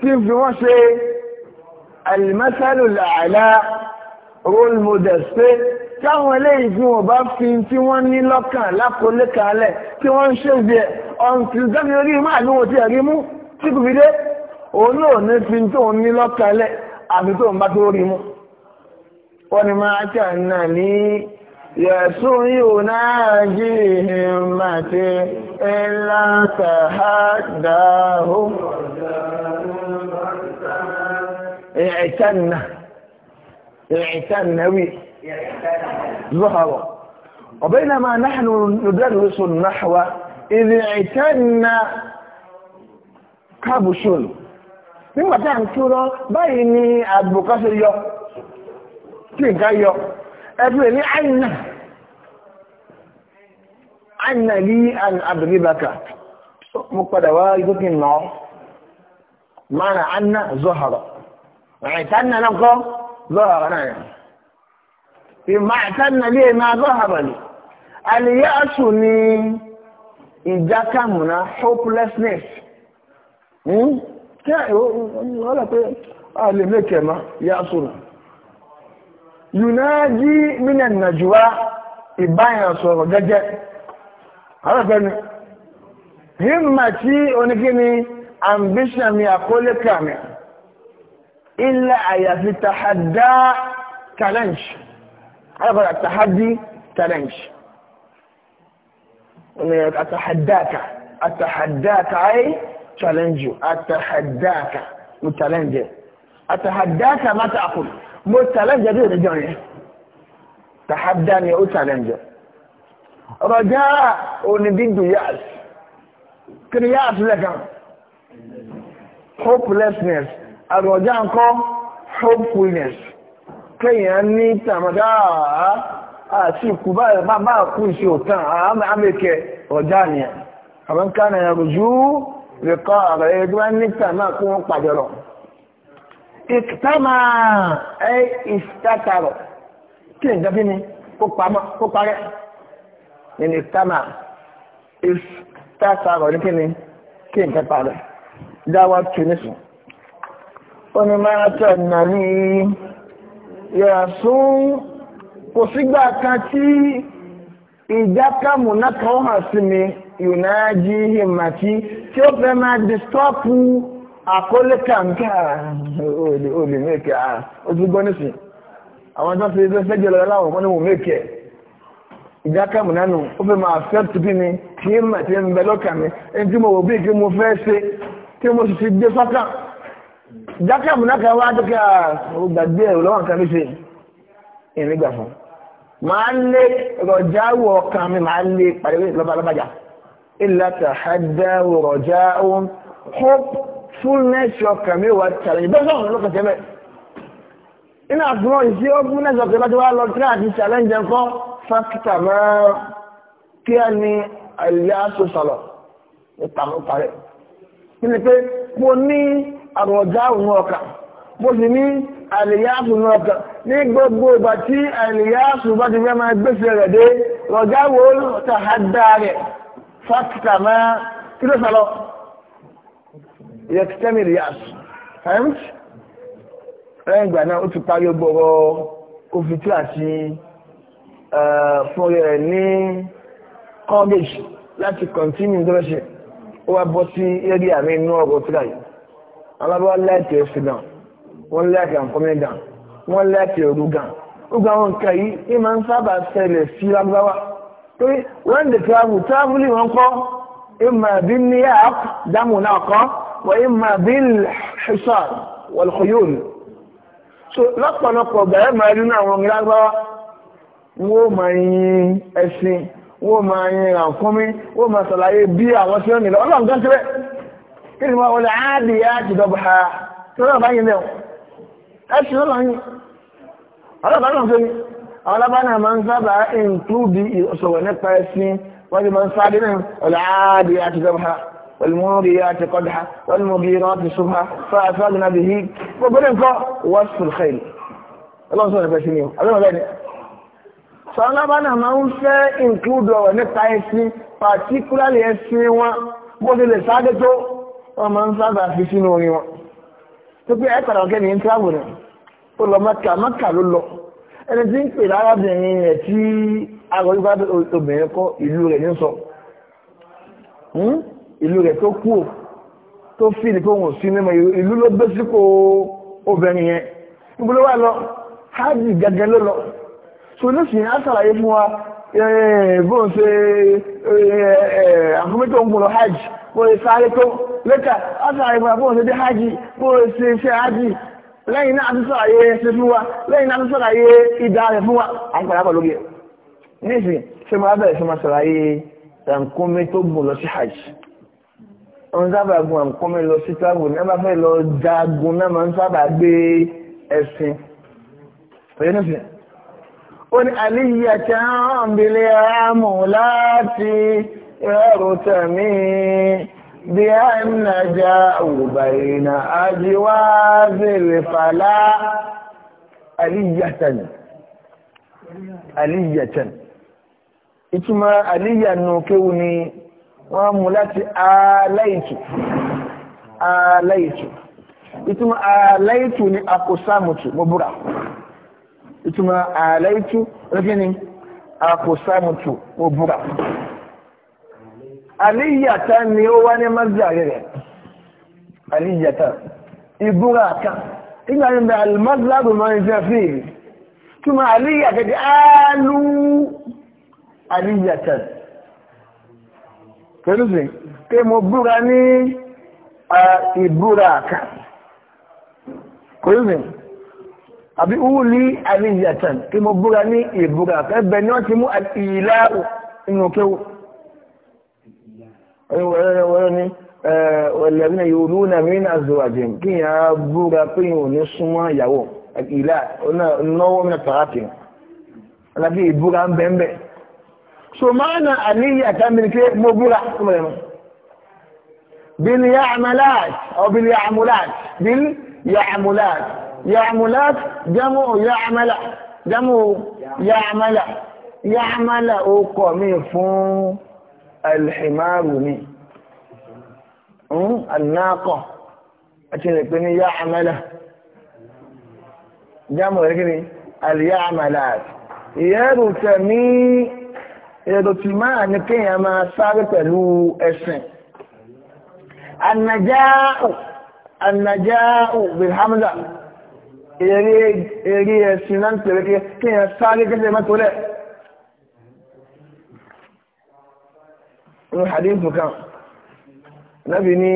tí fi wọ́n ṣe alimasalu làálá role models pé táwọn eléyìí fi wọ́n bá fi òun náà ní fi tó ń ní lọ́kàlẹ̀ àfi tó ń bá tó rí mú wọ́n ni máa kà náà ní yẹ̀sùn yóò náà jí wa. ńlá tàhádáhù ìrìtánà ìrìtánà wí zuharo وبينما نحن ندرس النحو إذ اعتنا كبش nígbàtí à ń kí rán báyìí ni yọ yọ ẹbí ní àìnà àìnà mo padà wá igbó kí n nà ọ́ mara zọ́hàrọ̀ zọ́hàrọ̀ náà ìmọ̀ ni wọ́n pé a lè mẹ́kẹ̀ ma yá sọ́nà yunájí mílẹ̀ nàjúwá ìbáyàn sọ̀rọ̀ gẹ́gẹ́ arábẹ́ni himma tí oníkíni ambition mi àkólé kàmì ilẹ̀ àyàfi tàhádá challenge arábẹ́ni tàhádí challenge wọ́n ni àtàhádáka àtàhádáka ayé challenge you atahadaka mo challenge atahadaka má ta àkùn mo challenge bí òdejọ́ yẹn tahadá ni ó challenge rọjá onídìgbò yáàs kiri yáàs lẹ́kan hopelessness àròjá ńkọ́ hopefulness kéèyàn ní tàmàdá àti ìkú báyìí bá kú ìṣe òtàn àmì àmì kẹ rọjá nìyẹn àwọn kan lẹ́kọ́ ọ̀rọ̀ ẹ̀dí wọ́n ní tàmá kí wọ́n pàjọrọ̀ ìtàmà ẹ̀ ìsítàtàrọ̀ kí nǹkan bí ni kó parẹ́ nínú ìtàmà ìsítàtàrọ̀ ní kí ni kí nǹkan parẹ́ dáwà tunisù ó ní máa tẹ̀ nà ní yẹ̀rà sún kò sígbà kan tí ìjákàmù náà kan hàn sí mi ìnájí hìmàtí tí ó fẹ́ máa distọ́pù àkọlé kàǹkà olè mẹ́kẹ̀ àà ojú gbọ́nìsì àwọn tó fi ẹgbẹ́ fẹ́jọ lọ láwọn ọmọ níwò mẹ́kẹ̀ ìdákàmù nánú ó ni kí ti gbé sọ́kà ìdákàmù náà wá dókè à ó gbàgbé ẹ̀rọ lọ́wọ́ nǹkan mi ṣe ìrìn gbà fún màá lé rọ̀jáwọ̀ ọkàn mi màá lé pàdé lọ́balọ́bàjà illa tahadda wa raja'un hopefulness of mi wà challenge bẹ́ẹ̀ sọ̀rọ̀ lọ́kàn tẹ́lẹ̀ iná àfihàn hopefulness ọkàn láti wá lọ tí a ti challenge nǹkan fákítà máa kí a ní àìlẹ́ aṣọ sọ̀rọ̀ ìtàmú parẹ́ kí ni pé mo ní àròjá òun ọkàn mo sì ní àlèyáàsù náà kan ní gbogbo ìgbà tí àlèyáàsù bá ti fẹ́ máa gbèsè rẹ̀ dé rọ̀jáwò tàhádá rẹ̀ فاكتة ما كده صلاة يكتمل يأس فهمت؟ lẹ́yìn ìgbà náà ó ti parí ọgbọ̀rọ̀ òfìtú àti fún rẹ̀ ní college láti continue gọ́ọ̀ṣẹ̀ ó wá bọ́ sí eré àmì inú ọ̀rọ̀ tíra yìí alábọ́ láìkì ẹ̀sìn náà wọ́n láìkì àǹkọ́mẹ́ gan wọ́n láìkì ẹ̀rú gan gbogbo àwọn nǹkan yìí ní máa ń sábà ṣẹlẹ̀ sí lágbáwá pé when they travel traveling wọn kọ́ imma bí ní app dámù náà kọ́ wọ imma bí ṣiṣan wọlùkọyún so lọ́pọ̀lọpọ̀ bẹ̀rẹ̀ máa rí náà wọn lágbára wọ́n máa yin ẹ̀sìn wọ́n máa yin ràǹkúnmí wọ́n máa sàlàyé bí àwọn tí ó nílò ọlọ́run kan síbẹ̀ kí ni wọ́n wọlé áàdì áàdì dọ́gba tí wọ́n bá yin lẹ́wọ̀n ẹ̀sìn ọlọ́run yìí ọlọ́run bá náà fẹ́ àwọn lábánà máa ń sábà ìntúbi ìsọ̀rọ̀ nípa ẹ̀sìn wọ́n ti máa ń sáré náà ọ̀làádì àti gọ́bà wọ́lmọ́rí àti kọ́dà wọ́lmọ́rí àti ṣùgbà fàáfàá nàbì hí gbogbo nǹkan wọ́n sùn xẹ́lì ọlọ́run sọ̀rọ̀ nípa ẹ̀sìn ni ọlọ́run bẹ́ẹ̀ ẹni tí ń pè lárábìnrin rẹ̀ tí agbọ̀dúgbà obìnrin kọ́ ìlú rẹ̀ ní sọ hmm? ìlú rẹ̀ tó kú tó fi ní kóhùn sí mímọ̀ ìlú ló gbé síkò obìnrin yẹn níbúlé wà lọ hajj gẹ́gẹ́ ló lọ so nísìnyí á sàlàyé fún wa bóun ṣe àkọ́mẹ́tò ń gbọ́n lọ hajj bóun ṣe sáré tó lẹ́tà á sàlàyé fún wa bóun ṣe dé hajj bóun ṣe iṣẹ́ hajj lẹ́yìn náà ti sọ́rọ̀ ayé ṣe fún wa lẹ́yìn náà ti sọ́rọ̀ ayé ìdá rẹ̀ fún wa a ń padà pọ̀ lórí ẹ̀ nísìn ṣe máa bẹ̀rẹ̀ ṣe máa sọ̀rọ̀ ayé ẹ̀ǹkómi tó gùn lọ sí hajj ń sábà gun ẹ̀ǹkómi lọ sí travel náà bá fẹ́ lọ jagun náà máa ń sábà gbé ẹ̀sìn ọ̀yẹ́ nísìn ó ní àlíyà tí a ń bìlẹ̀ àmù láti ẹ̀rù tẹ̀mí بأن جاءوا بين أجواز الفلاح ألية ألية إتما ألية نوكوني وملاتي آليت آليت ìtumọ̀ àlàìtù ni àkòsámùtù mo búra ìtumọ̀ àlàìtù rẹ́gí ni àkòsámùtù Aliyata ni ó wá ní mazari rẹ̀ àníyàtà ìbúra kan nígbà nígbà almazari máa ń jẹ́ fíìlì túnmọ̀ Aliyata. ti áálú àníyàtà pẹ̀lú sí pé mo búra ní ìbúra kan pẹ̀lú sí àbí wúlí àníyàtà pé mo búra ní ìbúra kan ẹgbẹ̀ ni wọ́n ti mú ìlà inú kéwò wẹ́rẹ́wẹ́rẹ́ ní ẹ̀lẹ́rìn yòrò náà mí náà zọ àjẹ́ kí yà á búra pé yìí ò ní súnmọ́ ìyàwó ìlà náwó mi pàtàkì alábí ìbúra ń bẹ́ẹ̀ so máa na àníyí àtàmìnì pé mo búra bil ya'mulat aw bil ya'mulat bil ya'mulat ya'mulat jamu ya'mala jamu ya'mala ya'mala ó kọ̀ mí fún الحمار مي الناقة أتي نبني يعمله جامع لكني اليعملات يرتمي يرتمى نكي ما سار تلو أسن النجاء النجاء بالحمد يري يري سنان تلك كي سار كذا ما تلو ní hadithu kan nábi ní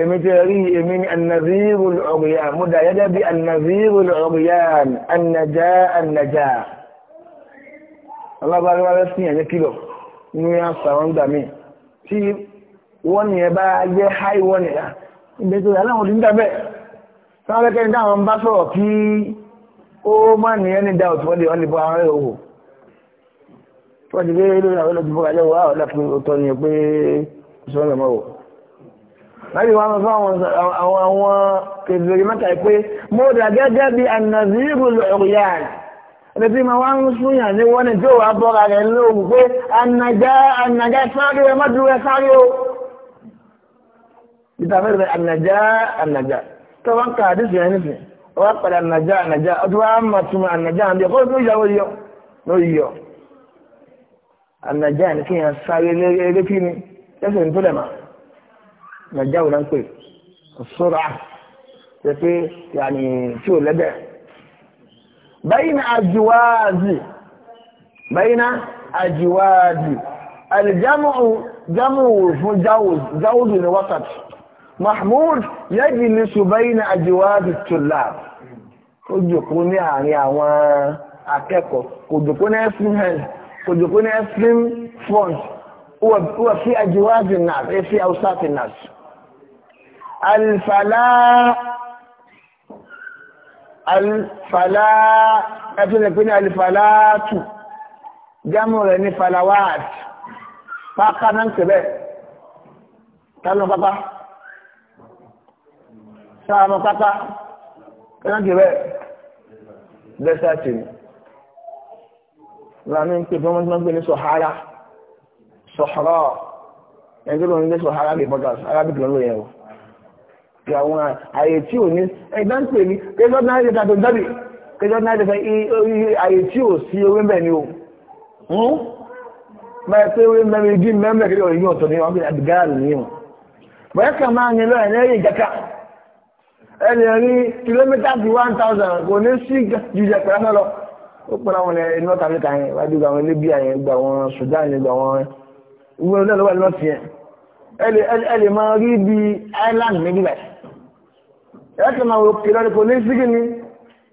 èmi tẹ́ rí èmi ní annaziru al'uriyan mú dá yẹ́dẹ́ bí annaziru al'uriyan annajá annajá alábáríwárẹ́ sí ẹ̀yẹ́ kìlọ̀ ní àṣàwọn gbàmí tí wọ́n ni ẹ bá jẹ́ high one ẹ̀yà ìgbésẹ̀ aláwọ̀ òdí ń dábẹ́ sáwọn lẹ́kẹ́ ní àwọn bá sọ̀rọ̀ kí ó má ní ẹni dá wọ́n lè wọ́n lè bọ́ àwọn ẹ̀rọ wọ́n ti gbé lórí àwọn olóògbé fún àjẹ́wò àwọn ọ̀dàpín òtọ́ ni pé sọ́nà mọ́wọ́ láti wá mọ́ fún àwọn àwọn kèbèrè mẹ́ta pé ma wá ń súnyà ní wọ́n ni tí ó wà bọ́ra rẹ̀ lóògùn pé ànàjá ànàjá sáré ẹ má dúró sáré o ìtàfẹ́rẹ̀ ànàjá ànàjá tó wá ń àdísù yẹn nísìn wọ́n padà ànàjá ànàjá ọdún wa ànàjà ní kí yẹn sáré léré kí ni lẹ́sẹ̀ ní tó dẹ̀ mà ànàjà wò lọ́n pè sọ́ra ṣe pé yàní tí ò lẹ́dẹ̀. bayna àjùwáàzì bayna àjùwáàzì àlìjámù jámù fún jáwùdù ní wákàtí mahmud yajlisu bayna àjùwáàzì tullab ó jòkó ní àárín àwọn akẹ́kọ̀ọ́ kò jòkó ní ẹ́sìn hẹ́ndì kò jòkó ní extreme front wà fi àjíwájì náà ẹ fi àwùsáàtì náà alfàlá alfàlá ẹ̀tún lè pé ní alfàlá tù jámù rẹ̀ ní falawaat pápá náà kẹ̀bẹ̀ tánú pápá sáàmù pápá lànà ń pè bí wọ́n ti máa ń gbé ní sọ̀hárà sọ̀hárà ẹgbẹ́ ló ń gbé sọ̀hárà bí bọ́gàs arábìkì lọ́lọ́ yẹn o kí àwọn àyè tí ò ní ẹgbẹ́ ń pè ní kéjọ́ náà lè tàbí dábì kéjọ́ náà lè fẹ́ àyè tí ò sí ewé mbẹ̀ ni o báyìí pé ẹni ẹni kìlómítà ti kò ní sí jùjẹ̀ pẹ̀lú lọ ó pọ̀ láwọn ilẹ̀ north africa yẹn wájú gba àwọn libya yẹn gba àwọn sudan yẹn gba àwọn ìwé ọdún ọlọ́wà north yẹn ẹ lè máa rí bí island méjì báyìí ẹ kì máa wo kìlọ̀ ní kò ní sí kí ni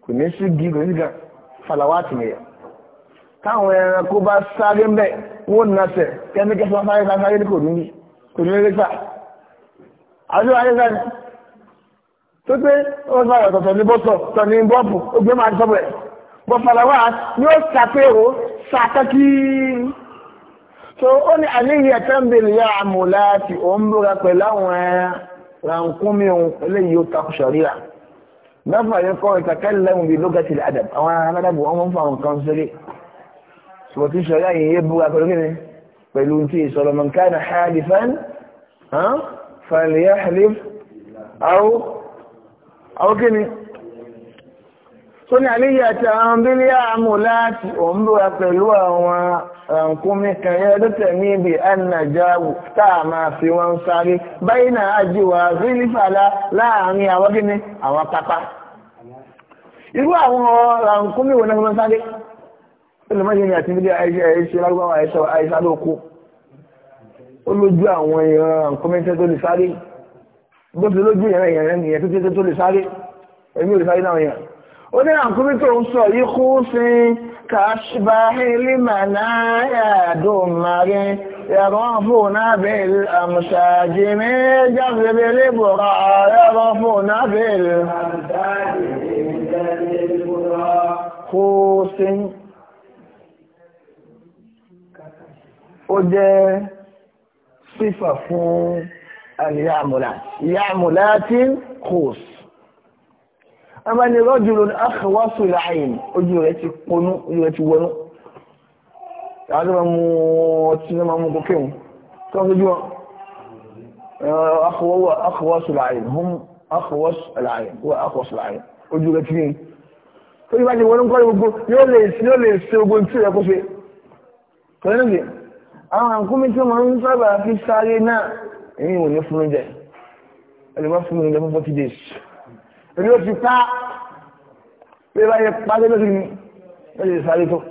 kò ní sí gi kò ní sí gan falawa tìmìyà táwọn ẹranko bá sáré mbẹ wọn ò nàṣẹ kẹmíkẹsì wọn sáré sáré ní kò ní kò ní rí sá àdúrà ayé sáré tó pé ó sáré ọ̀tọ̀ọ̀tọ̀ ní bọ́sọ̀ tọ̀ ní bọ́ọ̀pù ó gbé máa ń sọ́bù bọ̀fàlàwà ni ó sàpérò sàkàkí so ó ní àníyàn tẹ́m̀bìlì yá àmúlá ti ó ń búra pẹ̀lú àwọn rànkúnmí ohun eléyìí ó takò ṣàríà mẹ́fà yẹn kọ́ ìtàkẹ́lẹ́mù bíi lókàtì àdàb àwọn aládàbò wọn fún àwọn kan sórí ṣùgbọ́n tí ṣàríà yìí yé búra pẹ̀lú kí ni pẹ̀lú tí ìsọ̀rọ̀mọ̀ kánà hálifán fàlìyà hálif àwọn kí ni tó ní àníyàtì àwọn bílíà amúláàtì òǹdúwà pẹ̀lú àwọn ẹ̀ǹkúnmí kan yẹ́ lótẹ̀ ní ibi ẹnàjáwò táà máa fi wọ́n sáré báyìí náà àjíwà rílífàlá láàrin àwọn gíní àwọn pápá irú àwọn ẹ̀ǹkúnmí wọn náà sáré ẹ̀mí ò náà yẹn onírànkúrí tó ń sọ yìí kú sí kàṣíbá hílímà náà yàdùn marí yàrá fún abẹ́lẹ̀ àmùsàjì méjà fèrè bọ̀rọ̀ yàrá fún abẹ́lẹ̀ kú sí ó jẹ́ sífà sí ẹbá ni rọ́jù lónìí àkọwàsù láàyìn ojú rẹ̀ ti ponú ojú rẹ̀ ti wọnú àwọn tó máa mú ọtí náà máa mú kókè wọn tó ń lójú wọn àkọwàsù láàyìn hum àkọwàsù láàyìn wọ́n àkọwàsù láàyìn ojú rẹ̀ ti yìn tó yí bá ti wọnú kọ́ni gbogbo yóò lè yóò lè ṣe gbogbo tí rẹ̀ kó ṣe kọ́ni nìyí àwọn àǹkúmi tí wọ́n ń sábà fi sáré náà èyí wò ní fún oúnjẹ ẹ lè má fún oúnjẹ fún forty days èmi ó ti ká bí bá yẹ pàdé lórí mi ó lè sáré tó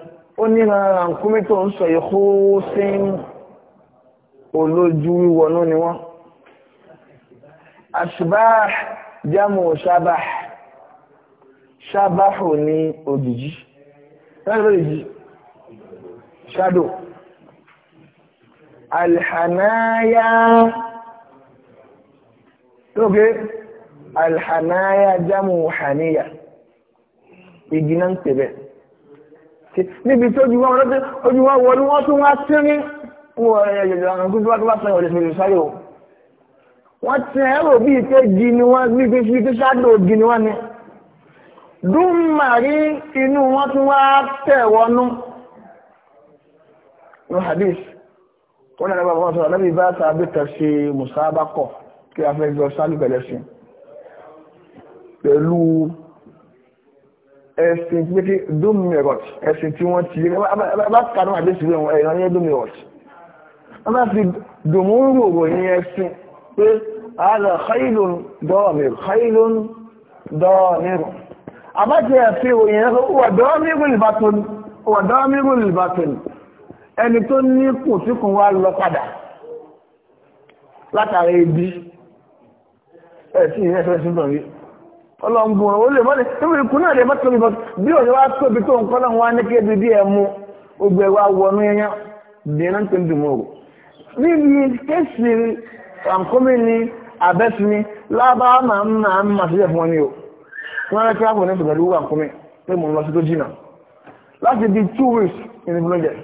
ó ní ìrànlá nkúmí tó ń sọ ìhó sí olójú wíwọnú ni wọ́n àṣùbá jámù ṣábà ṣábàhù ní òjìjí lọ́dọ̀lọ́dọ̀jì ṣádò alhànáyá tó gẹ́ alhanaya jamu haniya igi náà ń pè bẹ́ẹ̀ níbi tí ojú wọn rọ́pẹ́ ojú wọn wọlé wọ́n tún wá tí ní wọ́n ẹ̀yẹ̀yẹ̀ àwọn kúrò tó bá sọ ìwọ̀lẹ̀ fèrè sáré o wọ́n ti ẹ̀rọ bí i pé gi ni wọ́n bí i fi fi ṣáàdò gi ni wọ́n ni dúnmàrí inú wọn tún wá tẹ̀ wọnú ní hadith wọ́n ní àgbà wọn sọ̀rọ̀ lẹ́bi bá tàbí tẹ̀ sí musabakọ̀ kí a fẹ́ gbọ́ sálùbẹ̀lẹ̀ pẹ̀lú ẹ̀sìn tí pé domirot ẹ̀sìn tí wọ́n ti rí bá kàdún àdéṣì rẹ̀ wọ́n ẹ̀rọ ní domirot wọ́n bá fi dòmúrò ròyìn ẹ̀sìn pé ààrẹ khailun dọ́ọ̀mìr khailun dọ́ọ̀mìr àbájẹ́ ẹ̀fẹ́ ròyìn ẹ̀sìn wà dọ́ọ̀mìrù ìbátun ẹni tó ní kù tí kùn wá lọ padà látàrí ibi ẹ̀sìn ìrẹsẹ̀ sí ọlọ́ngbọ̀n wọn ó lè mọ́ ní níbi ikú náà lè mọ́tò bíbọ́ bí òní wá tóbi tó nǹkan náà wá ní kí bí ẹ mú ogbè wa wọnú yẹn dènà tó ń dùn mọ́ o. níbi kéèsì àǹkómi ni àbẹ́sí ni lábá máa ń máa ń máa sílẹ̀ fún ọ ní o. wọ́n rẹ́ tíráfù ní ìpìlẹ̀ ìwé àǹkómi pé mò ń lọ sí tó jìnnà láti di two weeks in the project.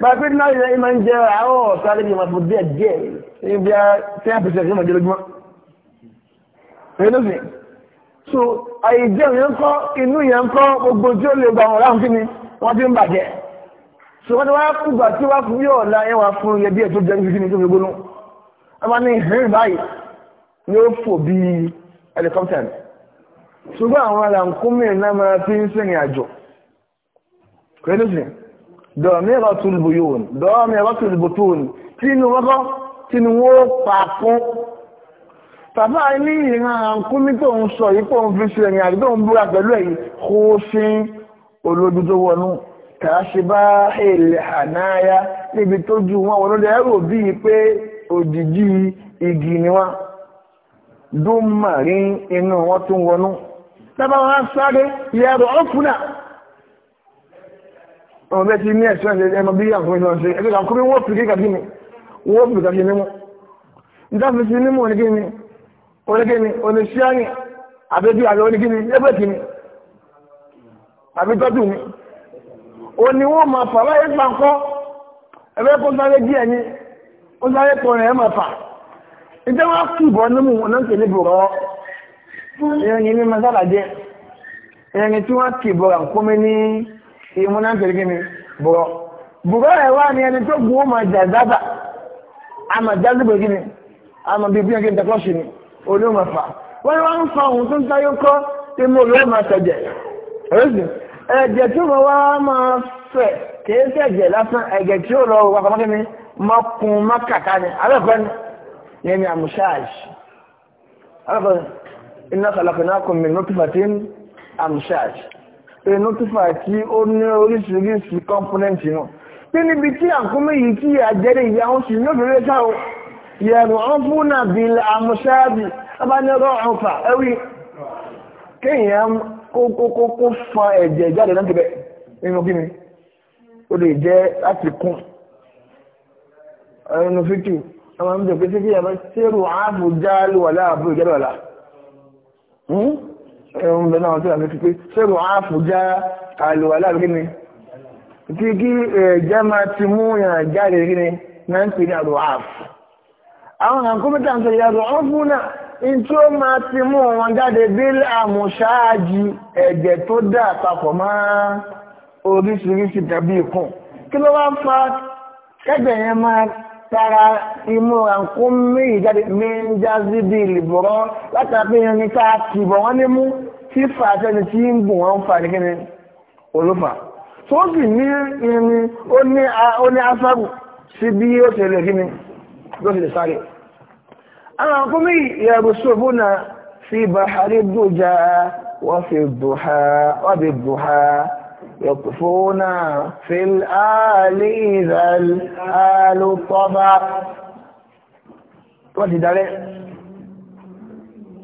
báyìí pé náà ilẹ̀ ìmọ̀ ń jẹ́ àárọ̀ sáré ẹlẹ́sìn so àyè jẹun yẹn kọ́ inú yẹn kọ́ gbogbo tí ó lè gba àwọn ọ̀ràn kíni wọ́n ti ń bàjẹ́ so wọ́n ti wá kúgbà tí wá fún yóò la yẹn wá fún yẹ díẹ̀ tó jẹ́ ní kíni tó fi gbóná wọ́n bá ní hẹ́rì báyìí ni ó fò bí helicopter ṣùgbọ́n àwọn aláǹkúmí náà máa fi ń sẹ́yìn àjò ẹlẹ́sìn dọ̀míra tùlùbù yòòn dọ̀míra tùlùbù tòòn tí inú wọ́n kọ́ tí inú wọ́n pa fún tàbá ní ìran àǹkúmí tó ń sọ yìí kó ń fi ṣe ìrìn àjò tó ń búra pẹ̀lú èyí kó sí olódú tó wọnú kàá ṣe bá èlè ànáyá níbi tó wọn wọn lóde ẹrù bíi pé òjìjí igi ni wọn dún màrín inú wọn tún wọnú tábà wọn sáré yẹrù ọkùnà ọmọ bẹ́ẹ̀ ti ní ẹsẹ ẹmọ bí àǹkúmí lọ ṣe ẹgbẹ àǹkúmí wọn fi kíkà kí ni wọn fi kíkà kí ni mu nítorí fi ní mọ ní kí ni onígíní oníṣíáyì àbébí àlọ́ onígíní ẹgbẹ́kì ni àbí tọ́tù ni o ni wọ́n máa fà láyé pàǹkọ́ ẹgbẹ́ kó sáré jí ẹ̀yìn ó sáré pọ̀rọ̀ ẹ̀ máa fà ìjẹ́ wọ́n kì bọ́ nímú wọn náà tẹ̀lé bọ̀rọ̀ ìrìn ní masala jẹ́ ìrìn tí wọ́n kì bọ̀rọ̀ kómi ní ìmú náà tẹ̀lé kíni bọ̀rọ̀ bọ̀rọ̀ ẹ̀ wá ní ẹni tó gùn ó máa jà dábà àmà jáde bẹ̀rẹ̀ kíni àmà bíbí ẹ̀kẹ́ ìtàkọ́ṣì ni olóòmọ̀fà wọ́n wá ń fa ohun tó ń táyé kọ́ tí mo lóò máa tẹ̀jẹ̀ ẹ̀jẹ̀ tí mo wá máa fẹ̀ kìí tẹ̀jẹ̀ lásán ẹ̀jẹ̀ tí ó lọ wà pàmọ́ mi ni alẹ́kọ̀ọ́ ni yẹn ni àmúṣáàṣì alẹ́kọ̀ọ́ iná kàlàkùnákùn mi nọ́tìfà tí ń àmúṣáàṣì èyí nọ́tìfà tí ó ní oríṣiríṣi kọ́mpọ́nẹ́ǹtì náà tí níbi yẹ̀rù ọ́fúnà bí àmúṣáàbì ọba ní ọgọ́ ọ̀fà ẹwí kíyàn kókókókó fa ẹ̀jẹ̀ jáde láti bẹ̀ nínú kí ni ó lè jẹ́ láti kún ẹnu fíkì ọmọ mi jẹ́ pé sí kíyàn sẹ́rù ààbò jáàlù wà láàbò ìjẹ́rù ọ̀la ẹ̀rùn bẹ̀ náà tó yàtọ̀ pé sẹ́rù ààbò jáàlù wà láàbò kí àwọn àkómítà ń tẹ̀lé yàtọ̀ wọ́n fún náà in tí ó máa ti mú wọn jáde bí àmúṣáájì ẹ̀jẹ̀ tó dà papọ̀ mọ́ oríṣiríṣi tàbí ikùn kí ló wá fa kẹ́jẹ̀ yẹn máa tara imú àkómí ìjáde méjáde bí ìlìbọ̀rọ̀ látàbí yẹn ní ká kìbọ̀ wọ́n ní mú tí fà sẹ́ni tí ń gùn wọ́n fà ní kíni olúfà tó sì ní irin ó ní asábù sí bí ó ṣe lè kíni lórí lè sáré àwọn akọ́mí yàrá sọ́fún náà fi bàhárí dùjà wọ́n fi dùhà wọ́n fi dùhà يطفون في الآل إذا الآل طبع wọ́n ti darẹ́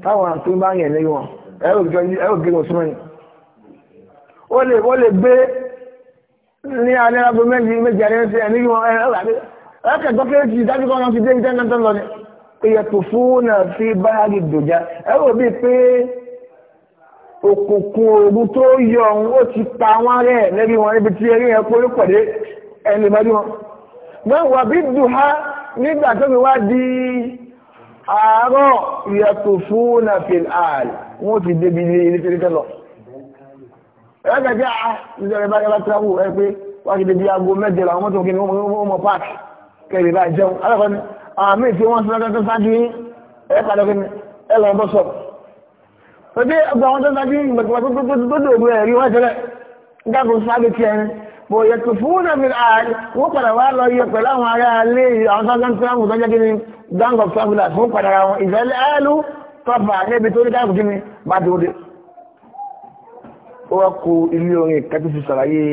táwọn àtún bá yẹn lẹ́yìn wọn ẹ̀rọ gẹ́gẹ́ òsùnmọ́ ni ó lè gbé ní alẹ́ agbó méjì méjì alẹ́ sí ẹ̀rọ akẹ́gbọ́ kéré ti dájú kan náà ti dé ibi tẹ́ńtẹ́ tán lọ ni ìyẹ̀tò fún náà fi báyàgì dòjá ẹ wò bíi pé òkùnkùn òru tó yọ òun ó ti pa wọn rẹ̀ lẹ́bí wọn níbi tí eré yẹn kórè pẹ̀lú ẹni mọ́jú wọn. wọ́n wà bí dùhá nígbà tó fi wá di àárọ̀ ìyẹ̀tò fún náà fi ààlì wọ́n ti débi ilé tẹ́lẹ̀ lọ. ẹ̀rọ kẹ̀kẹ́ àá ìjọba ìbára ìbára tíráwù ẹ pé wọ́n ti débi aago mẹ́jọ làwọn mọ́tò kí ni wọ́n mọ̀ páàkì kẹrì bá jẹun alákọ̀ọ́ni àwọn míì tí wọ́n ti lọ́dọ́ tó sáájú yín ẹ padà kí ni ẹ lọ bọ́ sọ̀rọ̀ pẹ̀lú ọgbà wọn tó sáájú yín gbẹ̀gbẹ̀ tó dòdò ẹ̀ rí wọ́n tẹ́lẹ̀ dákun sáájú kí ẹni bò yẹtù fún nàbí ààrẹ wọ́n padà wá lọ yẹ pẹ̀lú àwọn ará alẹ́ àwọn sáájú travel tó jẹ́ kí ni gang of travelers wọ́n padà ra wọn ìfẹ́lẹ́ ẹlú tọ́fà níbi tó ní dákun kí ni bá dòde ó wá kó ilé orin kẹ́tù fi sàlàyé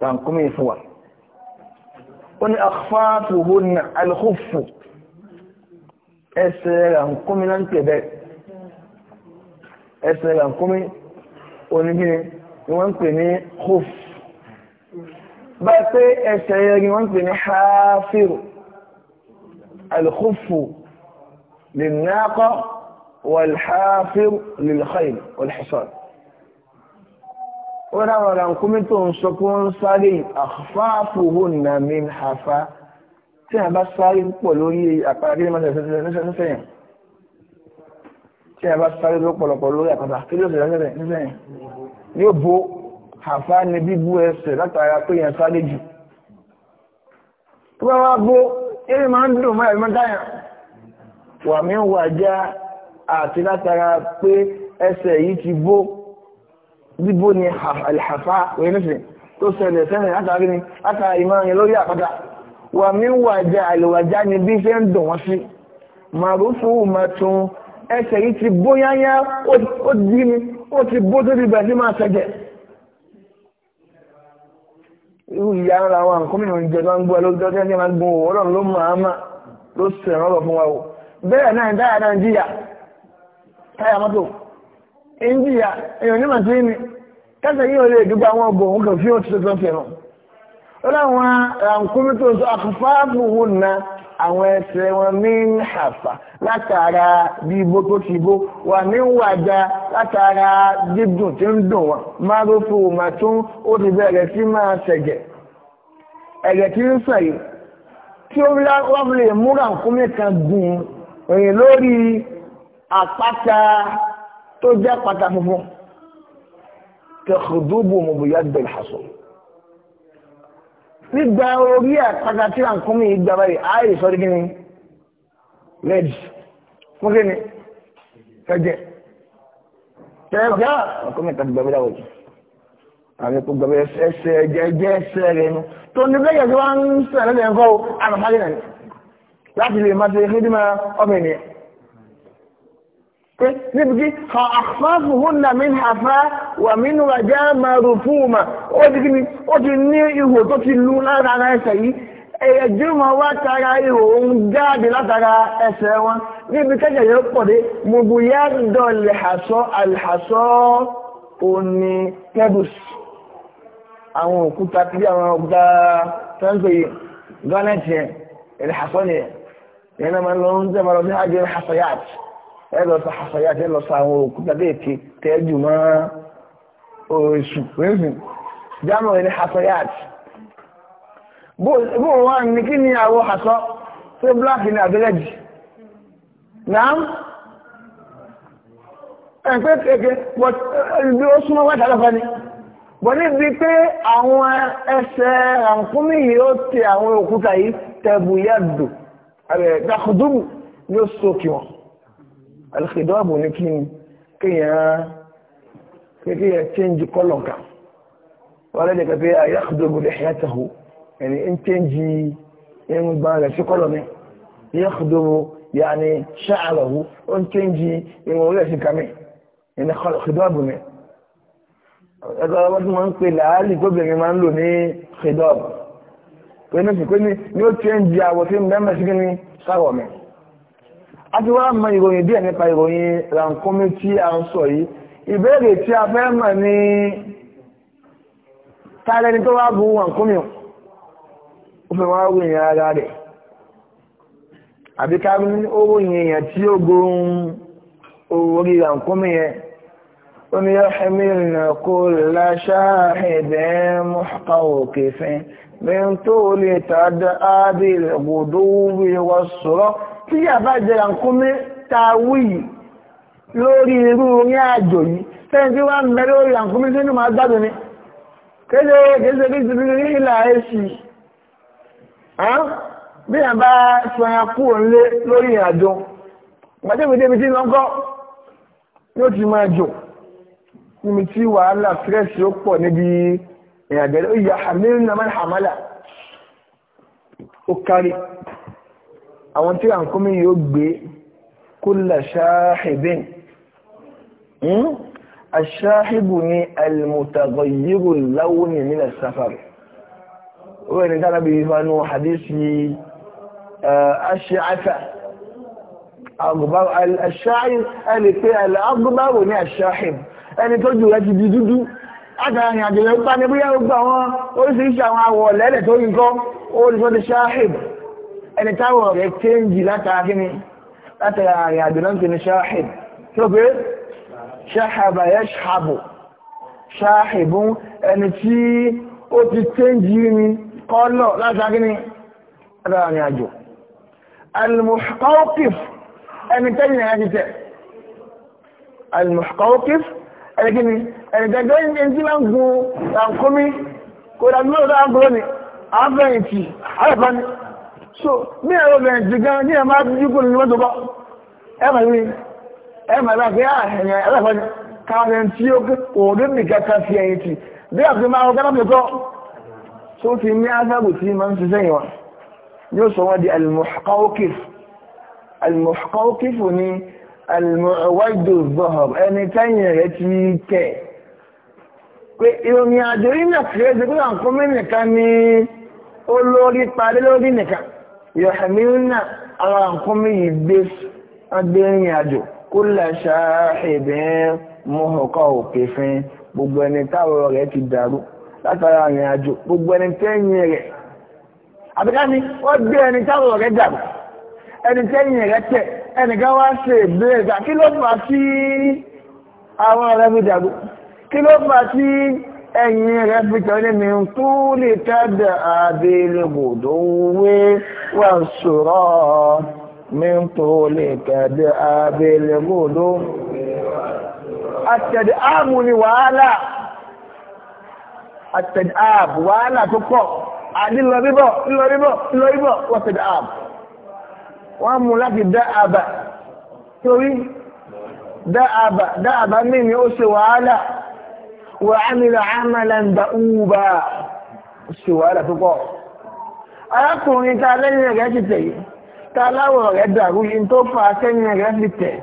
tàǹkúmí fún wa ó ní àfáàfòhó ní alkhúfù ẹsẹ̀ ràǹkúnmí náà ń pè bẹ́ẹ̀ ẹsẹ̀ ràǹkúnmí onígbìnrin ni wọ́n ń pè ní khuf báyìí pé ẹsẹ̀ rẹ̀ ni wọ́n ń pè ní hafiru alkhúfù lè náà kọ́ wàlháfíru lè lè ó ráwọn rànkúmí tó ń sọ pé wọ́n ń sáré àfáàfòhò nà mí àfá tí a bá sáré púpọ̀ lórí àpàdé nísẹ̀yìn tí a bá sáré lọ́pọ̀lọpọ̀ lórí àpàdé kí ló sẹ̀rẹ̀ nísẹ̀yìn yóò bo àfá ni bíbú ẹsẹ̀ látara pé yẹn sáré jù tó bá wá bó eré máa ń dùn mọ́ ẹ̀rí mọ́táyà wà mí wà àti látara pé ẹsẹ̀ yìí ti bó bíbó ni àlhàfà wẹ́nẹ́sìn tó ṣẹlẹ̀ sẹ́yìn látàrí ni látàrí ìmọ̀ yẹn lórí àpáta wà mí wàjà àlèwàjá ni bí ṣe ń dùn wọ́n sí màrúfù màtún ẹsẹ̀ yìí ti bóyáyá ó dí mi ó ti bó tó ti bẹ̀rẹ̀ sí máa ṣẹjẹ̀ irú ìyá ara wa nǹkan mìíràn ń jẹ ló ń gbọ́ lójọ́ tí wọ́n máa ń gun òwúrọ̀ ló máa má ló sẹ̀rọ̀ lọ fún wa o bẹ́ẹ̀ náà táyà náà ń jìyà táyà mọ́tò ń jìyà èèyàn onímọ̀ sí ni kẹsàn yìí ò lè dúgbà àwọn ọgbọ̀n òun kàn fi ó tuntun tó fẹ́ràn ó láwọn àǹkúrú tó sọ àfúfáàbù wù ná àwọn ẹsẹ̀ wọn ní àfà látara bí ibo tó ti bó wà ní wàjà látara dídùn tí ń dùn wọn márùfù màtún ó ti bẹ̀rẹ̀ sí máa ṣẹ̀gẹ̀ ẹ̀gẹ̀ tí ń sàn yìí tí ó rí wọ́n lè múra nkúmi kan gùn òyìn lórí àpáta tó jẹ́ pátá funfun tẹ̀kùdúbù mọ̀bùyá bẹ̀rẹ̀ àṣọ. Nígbà orí àpáta tí à ń kún mí ìgbà báyìí, ààyè sọ́rí kí ni? Lẹ́dì. Fún kí ni? Fẹ́jẹ̀. Tẹ́ẹ̀kì á, ọkọ̀ mẹ́ta ti gbàgbé láwọ̀ jù. Àmì kò gbàgbé ẹsẹ̀ jẹ́jẹ́ ẹsẹ̀ rẹ̀ wọ́n níbi kí àfáàfùhúnnà min àfá wà mínú àjá máa rò fún ọmọ ó ti kíni ó ti ní ihò tó ti lu lára ẹsẹ̀ yìí ẹ̀yẹ̀ jùmọ̀ wá tara ihò ń jáde látara ẹsẹ̀ wọn níbi kẹ́jẹ̀ yóò pọ̀dé gbogbo yá dọ̀lẹ̀ àṣọ àlàṣọ òní pebbles àwọn òkúta bí àwọn òkúta tó ń pè gọ́nẹ̀tì ẹ̀ ẹ̀lẹ́hàṣọ́ ni ẹ̀ ẹ̀ náà máa ń lọ ń tẹ́ ẹ lọ sọ àṣàyà tẹ lọ sọ àwọn òkúta bẹ́ẹ̀ ké tẹ́jú mọ́ oṣù wẹ́ẹ̀sì jámọ̀ ní àṣàyà bó wà ní kí ni àwọ̀ àṣọ tó bláàkì ní àbẹ́lẹ́jì náà ẹ̀pẹ́ kéèké bí ó súnmọ́ wáta lọ́fà ni bọ̀ níbi pé àwọn ẹsẹ̀ àǹkúmí yìí ó tẹ àwọn òkúta yìí tẹ̀bù yàdù dákùdùmù ló sókè wọn alìkìdọ́ọ̀bù ní kí ni kéèyàn kéèyàn change color kan wọ́n lẹ́dẹ̀ kẹfẹ́ ayáxdọ́gbù lihyatahu ẹni ń change irun gbọ́n rẹ̀ sí color mi yáxdọ́gbù yàní sha'rahu ó ń change irun rẹ̀ sí kàmi ẹni kìdọ́ọ̀bù mi ẹgbẹ́ ọlọ́wọ́ tí wọ́n ń pè láàálì gómìnà change àwọ̀ tí ń bẹ́ẹ̀ mẹ́sìkí ní sáwọ̀ a ti wá mọ ìròyìn díẹ̀ nípa ìròyìn rànkúnmí tí a ń sọ yìí ìbéèrè tí a fẹ́ mọ̀ ní tààrẹni tó wá bu rànkúnmí ó fẹ́ wá ròyìn ara rẹ̀ àbí ká ní ó èèyàn tí ó gun orí rànkúnmí yẹn ó ní yahmilna kulla shahidin muhqaqifin min tó lè tàdá ábìlẹ̀ gbòdówì wọ́sọ̀rọ̀ tí àbá jẹrà ń kún mí ta wíì lórí irú orin àjò yìí sẹ́yìn tí wá ń bẹ lórí àǹkúmí sínú máa gbádùn ni kéde kéde bí ti rí ìlà èsì bí i àbá sọ̀yà kú òǹlé lórí àjò gbàdébìdébi tí lọ́gọ́ yóò ti máa jò níbi tí wàhálà fírẹ́sì ó pọ̀ níbi ìrìnàjò ìyá àmì ìrìnàmọ́ àmàlà ó kárí àwọn tí àǹkúmí yóò gbé kúlà ṣáàhìbìn hmm? aṣáàhìbù ni almutagayyiru láwùní nílẹ̀ sáfàrì wọ́n ni tánàbí ìfànú hadisi aṣáàfà agbábò ní aṣáàhìb ẹni tó jù láti di dúdú látàrí àjẹ̀yẹ̀ pàdé bóyá gbogbo àwọn oríṣiríṣi àwọn àwọ̀ lẹ́lẹ̀ ẹni táwọn rẹ̀ kéńjì látara kíni látara àrìn àjò náà kìíní ṣáàhìb tí ó pé ṣáàbà yẹ ṣàbò ṣáàhìbún ẹni tí ó ti kéńjì ní kọ́lọ̀ látara kíni látara àrìn àjò almuhqawqif ẹni tẹ́yìn ẹ̀yà ti tẹ̀ almuhqawqif ẹni kíni ẹni tẹ́gbẹ́ ẹni so bí ẹ̀rọ bẹ̀rẹ̀ ti gan ní ẹ̀má yíkò ní mọ́tò bọ́ ẹ̀mà rí ẹ̀mà rà pé àhẹ̀yẹ aláfẹ́ni kààrẹ̀ tí ó kòrò ní kẹta fi ẹ̀yẹ ti bí àfi máa ọgá náà pẹ̀kọ́ tó ti ní asábò tí máa ń ṣiṣẹ́ yìí wa yóò sọ wọ́n di al-muhqawqif al-muhqawqif olórí parí lórí nìkan yọ̀hẹ̀mílínà àwọn àkúnmí yìí gbé ọ kó lẹ́ṣà ìbẹ̀ẹ́ mọ́ọ̀kọ́ òkè fún gbogbo ẹni táwọn rẹ̀ ti dàrú látara gbogbo ẹni tẹ́yìn rẹ̀ àbíkáni wọ́n gbé ẹni ẹni ẹ̀yìn rẹ̀ fi tọ́lé mi tó lè tàbí àbílẹ̀ gbòdó wé wà sọ̀rọ̀ mi tó lè tàbí àbílẹ̀ gbòdó àtẹ̀dẹ̀ ààbù ni wàhálà àtẹ̀dẹ̀ ààbù wàhálà tó pọ̀ àdílọ bíbọ̀ lọ bíbọ̀ lọ wọ́n mú láti dá àbà torí dá àbà dá àbà mí ó ṣe wàhálà wà ámìlà ámàlà ń da uba ṣe wàhálà púpọ̀ arákùnrin ta lẹ́yìn rẹ̀ ti tẹ̀ ta láwọ̀ rẹ̀ dàrú yìí tó fa sẹ́yìn rẹ̀ fi tẹ̀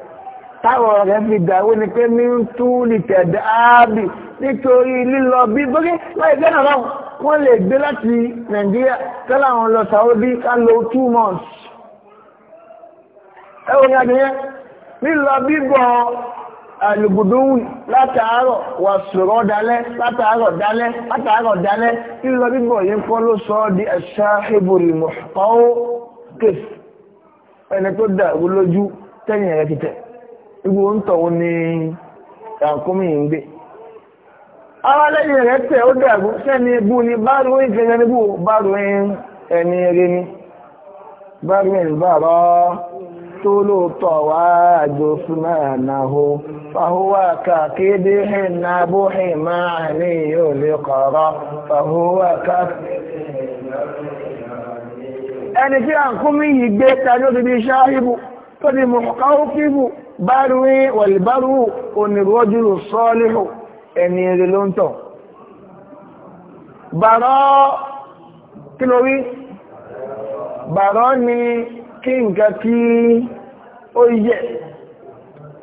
táwọ̀ rẹ̀ fi dàrú ni pé mi ń tú lìtẹ̀ dáàbì nítorí lílọ bí bókè láì gánà láwọn wọ́n lè gbé láti nàìjíríà tẹ́lá àwọn lọ sàódì ká lò two months ẹ̀wọ̀n ni àgbẹ̀yẹ lílọ bíbọ̀ àlùgùdùn látàárọ̀ wà sọ̀rọ̀ dalẹ́ látàárọ̀ dalẹ́ látàárọ̀ dalẹ́ tí lọ bíbọ̀ yìí kọ́ ló sọ di aṣáhìbòrì mọ̀kọ́ kéf ẹni tó dàrú lójú tẹ́yìn rẹ̀ títẹ̀ igbó ń tọ̀ ní àkómi ń gbé ara lẹ́yìn rẹ̀ tẹ̀ ó dàrú sẹ́ni ebú ni báró ìfẹ́ ẹni bú báró ẹni rẹ̀ ni báró ẹni bàrọ́ يقتل طواج ثمانه فهو ككدح النبح معني لقرى فهو ك ẹni tí a ń kún mí yìí gbé tàbí ó ti bí ṣáhìbù tó ti mọ̀kọ́kíbù bárúwé wàlìbárú oníròjúrò sọ́ọ́lẹ́hù ẹni rẹ̀ ló bàrọ́ kí lórí bàrọ́ ni kí nǹkan kí ó yẹ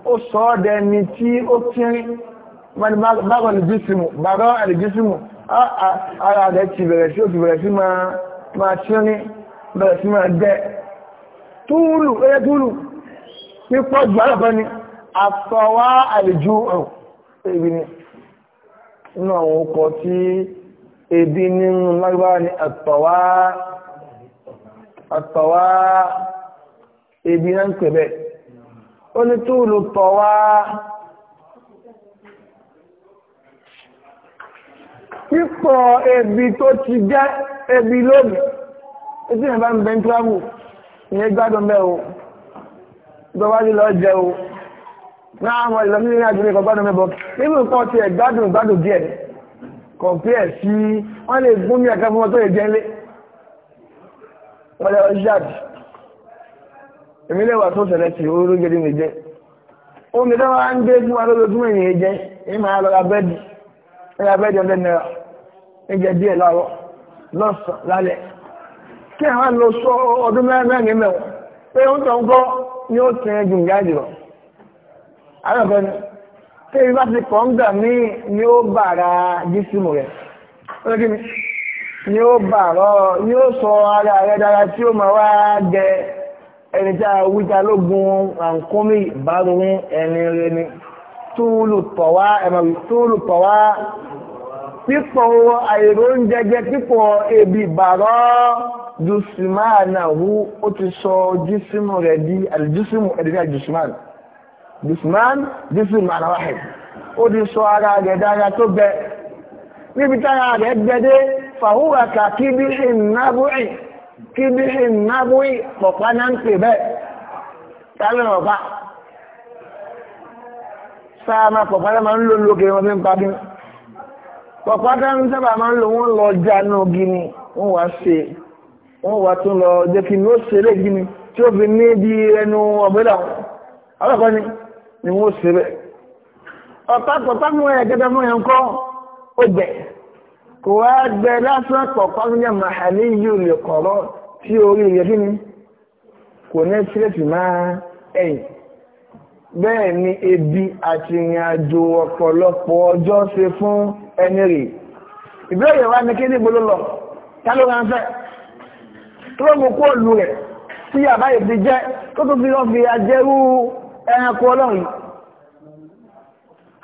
ó sọ ọ́ dẹni tí ó tírín bákan lìjísìmù bàbá àlìjísìmù ara rẹ̀ ti bẹ̀rẹ̀ sí ó ti bẹ̀rẹ̀ sí máa tírín bẹ̀rẹ̀ sí máa dẹ́ túùlù ẹyẹ túùlù pípọ̀ jù àlọ́kọ́ ni àfọwá àlìjú ọ̀rùn àtọ̀wá ebi náà ń pè bẹ́ẹ̀ ó ní túùlù tọ̀wá pípọ̀ ebi tó ti jẹ́ ebi lónìí etí ìrìnbá ń bẹ ń ìyẹn gbádùn bẹ́ẹ̀ o ìjọba lílọ jẹ o náà àwọn ìlọsí ní àjúrí ìkọ̀ gbádùn mẹ́bọ̀ nínú nǹkan ti ẹ̀ gbádùn gbádùn díẹ̀ kọ̀m̀pẹ́ sí wọ́n lè gún ní ẹ̀kẹ́ fún wọn tó lè jẹ́ lé wọ́n lẹ́wọ́ emilewa tó ṣẹlẹ̀ sí oró mi jẹ́ omi tó ń gbé fún wa lójoojúmọ́ jẹ́ èmi máa bẹ́ẹ̀dì ra bẹ́ẹ̀dì ọ̀dẹ́ náírà ẹ̀jẹ̀ díẹ̀ láàárọ̀ lọ́sàn lálẹ́ kí àwọn lọ sọ ọdún mẹ́rin ni ni ó bàrọ̀ ni ó sọ ara rẹ̀ dára tí ó máa wá dẹ ẹni tí a wíta lógun àǹkómi ìbárun ẹni rẹ ni túùlù pọ̀wá ẹ̀mọ̀wì túùlù pọ̀wá pípọ̀ àìrò ń jẹjẹ pípọ̀ ebi bàrọ̀ jùsùmáàna hu ó ti sọ jùsùmù rẹ̀ di àlùjùsùmù ẹ̀dẹ̀dẹ̀ jùsùmáàn jùsùmáàn jùsùmù àlàwáhẹ̀ ó ti sọ ara rẹ̀ dára tó bẹ níbi tára rẹ̀ gbẹdẹ́ fàhúwà kà kí bí ìnábùí kí bí ìnábùí pọ̀pá náà ń pè bẹ́ẹ̀ tàbí ọ̀pá sáàmà pọ̀pá náà máa ń lò lókè wọn fi ń pàdé pọ̀pá náà ń sábà máa ń lò wọ́n lọ jáná gini wọ́n wá ṣe wọ́n wá tún lọ jẹ́ kí ni ó ṣe lé tí ó fi ní bí ẹnu ọ̀gbẹ́dà ọlọ́kọ́ ni ni wọ́n ṣe ọ̀pá pọ̀pá mú ẹ̀ kẹta mú ẹ̀ ń kọ́ ó bẹ̀ẹ́ kò wá gbẹ lásán pọ̀pọ̀ tó jẹ́ màhálí lè kọ̀rọ̀ tí orí rẹ̀ kí ni kò ní máa ẹ̀yìn bẹ́ẹ̀ ni ebi àti ìrìn àjò ọ̀pọ̀lọpọ̀ ọjọ́ ṣe fún ẹni rè ìbéèrè wa ní kí ní ta ló ń fẹ́ tó mú kó rẹ̀ tí àbáyé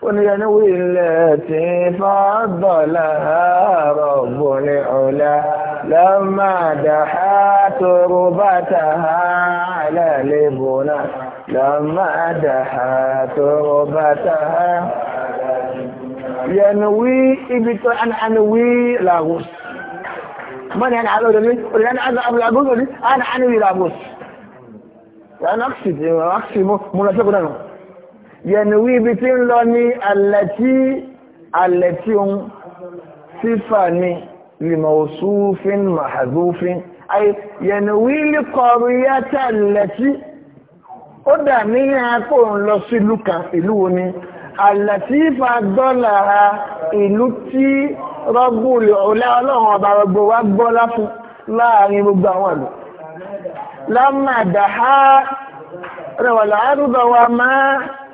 ونجنو التي فضلها رب العلا لما دحى تربتها على لبنا لما دحى تربتها ينوي ابتو أن أنوي لاغوس من يعني على ودني ولا أنا أنا أبو لاغوس أنا أنوي لاغوس وأنا أقصد أقصد مناسبة yẹnuwí ibi tí ń lọ ní alẹ́tí alẹ́tí sífà ní limọ̀súfin mahazúfin ay yẹnuwí líkọrù yátà alẹ́tí ó dà ní àpò ń sí ìlú kan ìlú wo ni alẹ́tí fa dọ́là ìlú tí rọ́gbùlù ọ̀lá ọlọ́run ọba gbogbo wa gbọ́lá fún láàrin gbogbo àwọn ìlú lámàdàá rẹwàlá àrùbọ̀ wa máa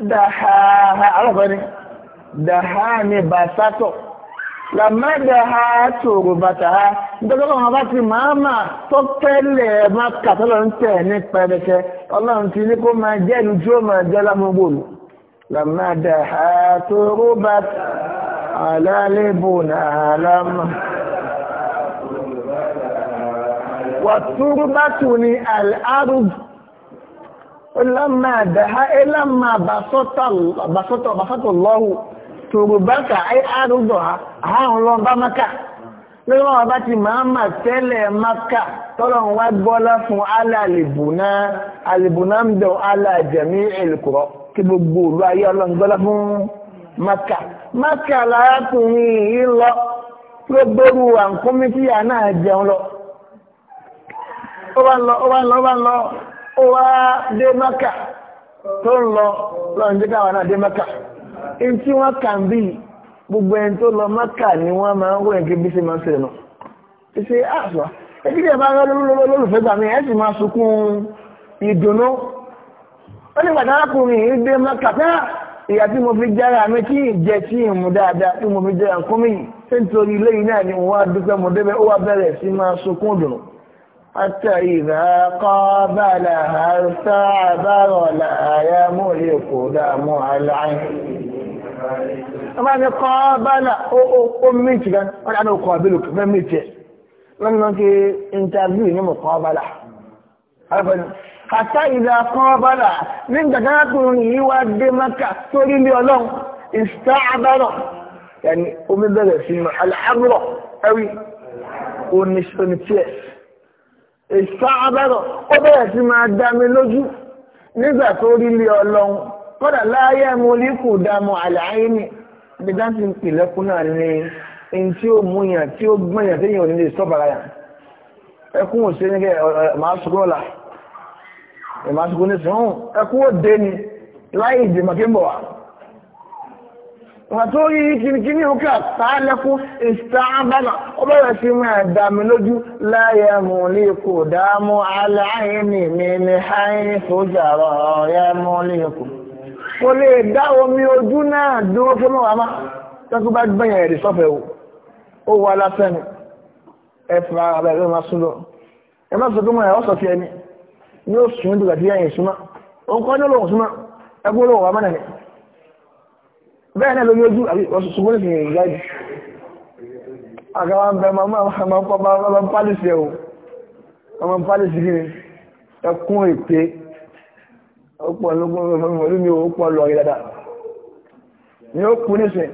dàhàhà alọ́kọ̀ọ́ ni dàhà ni bàtàtọ̀ làmẹ́dàhà tòrò bàtàhà nítorí ọlọ́run bá ti màámà tó tẹ́lẹ̀ má kàtọ́lọ̀ ń tẹ̀ ní pẹrẹsẹ ọlọ́run ti ní kó máa jẹ́ ìlú tí ó máa jẹ́ lámúgbò lù làmẹ́dàhà tòrò bàtà àlálébò náà wàtúrú bàtù ni àlárùbù. لما دها لما بسط بسط بسط الله تربك أي أرضها ها الله بمكة lọ́wọ́ ọba ti maka tọ́lọ̀ wá gbọ́lá fún alàlìbùná alìbùná ń maka maka lárákùnrin yìí lọ ló gbóru àǹkómi tíyà náà jẹun lọ ó wá ó wá dé mẹ́kà tó ń lọ lọ́nà jẹ́ káwọn náà dé mẹ́kà in tí wọ́n kàn bí gbogbo ẹni tó lọ mẹ́kà ni wọ́n máa ń wọ̀nyí kí bí ṣe máa ń sèrè nù ṣe àṣà ẹbí dẹ̀ máa ń rẹ́ lólùfẹ́ gbà mí ẹ̀ sì máa sunkún ìdùnnú ó ní pàtàkì arákùnrin yìí dé mẹ́kà pé ah, ìyá tí mo fi jára mi kí ìjẹ tí ìmú dáadáa tí mo fi jára kún mi nítorí ilé yìí náà ni wọ́n á dúpẹ́ mo débẹ̀ ó wá bẹ̀rẹ̀ sí máa sunkún ìdùnnú حتى إذا قابلها استعبر لا يملك دمع العين ọmọ ni kọ́ọ́bálà ó mìtì gan wọ́n dáná ọkọ̀ àbílù fẹ́ mìtì ẹ̀ wọ́n lọ kí interview ní mọ̀ kọ́ọ́bálà alẹ́fẹ́ni kàtà ìdá kọ́ọ́bálà ní gbàgbọ́n yìí wá dé maka sórí ilé ọlọ́run ìsítá abárọ̀ yàní omi bẹ̀rẹ̀ sí mọ̀ aláàbùrọ̀ ẹ̀rí oníṣẹ́ oníṣẹ́ èso abẹ́rọ̀ ó bẹ̀rẹ̀ sí máa dá mi lójú nígbà tó rí lé ọlọ́run kódà láyé mo rí kù dààmú àlàyé ni bí dáńtì ń pè lẹ́kún náà ni ẹni tí ó mú yàn tí ó gbọ́n yàn téèyàn ò ní lè sọ́bàrà yàn ẹkún ò sí ní kẹ màá sọkún ọ̀la màá sọkún ní sùn ẹkún ó dé ni láyé ìdè màkínbọ̀ wa pàtórí kìrìkìrì òkè àtàlẹ́kú ìsìtàbàlà ó bẹ̀rẹ̀ sí mú ẹ̀dàmì lójú láyé mú lè kò dámú aláìní mi ní háìní fòjàrọ̀ ọ̀yẹ́ mú lè kò kò lè dá omi ojú náà dúró fún mọ́ àmá tẹ́kú bá gbẹ̀yìn ẹ̀rì sọ́fẹ̀ o ó wà látẹ́nu ẹ fà abẹ́rẹ́ máa sún lọ ẹ má sọ pé mo ẹ̀ ọ́ sọ ẹni yóò sùn dùgbà ẹ̀yìn súnmọ́ òun kọ́ bẹ́ẹ̀ náà lórí ojú àbí ṣùgbọ́n ní ìrìn ìgbàjì àgbàwà ń bẹ máa máa máa pálìsì ẹ̀ o ọmọ pálìsì kí ni ẹkún èpè ó pọ̀ lógún ọmọlú mi ò pọ̀ lọ rí dáadáa ni ó kú nísìn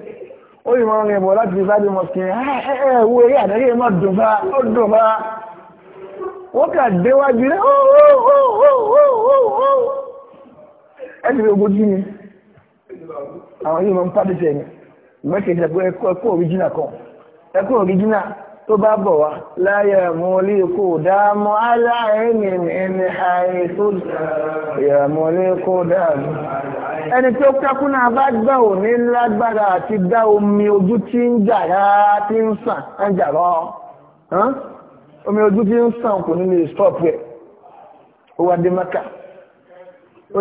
ó yìí máa ń rìn bọ̀ láti sáré mọ̀sí ẹ̀ wo eré àdáyé má dùn fa ó dùn fa wọ́n kà déwájú rẹ̀ ó ó ó ó ó ó ó àwọn yìí máa ń pàdé sẹ́yìn ìgbẹ́kẹ̀jì àpò ẹ̀kọ́ ẹ̀kọ́ òríjìnà kan ẹ̀kọ́ òríjìnà tó bá bọ̀ wá láyé mọ́lé kò dámọ́ aláìní ẹni ààrẹ tó yẹ mọ́lé kò dámọ́ ẹni tó kákúnná bá gbà ò ní lágbára àti dá omi ojú tí ń jàrá tí ń sàn ń jàrọ́ omi ojú tí ń sàn kò ní lè stop ẹ̀ ó wá dé mẹ́ka ó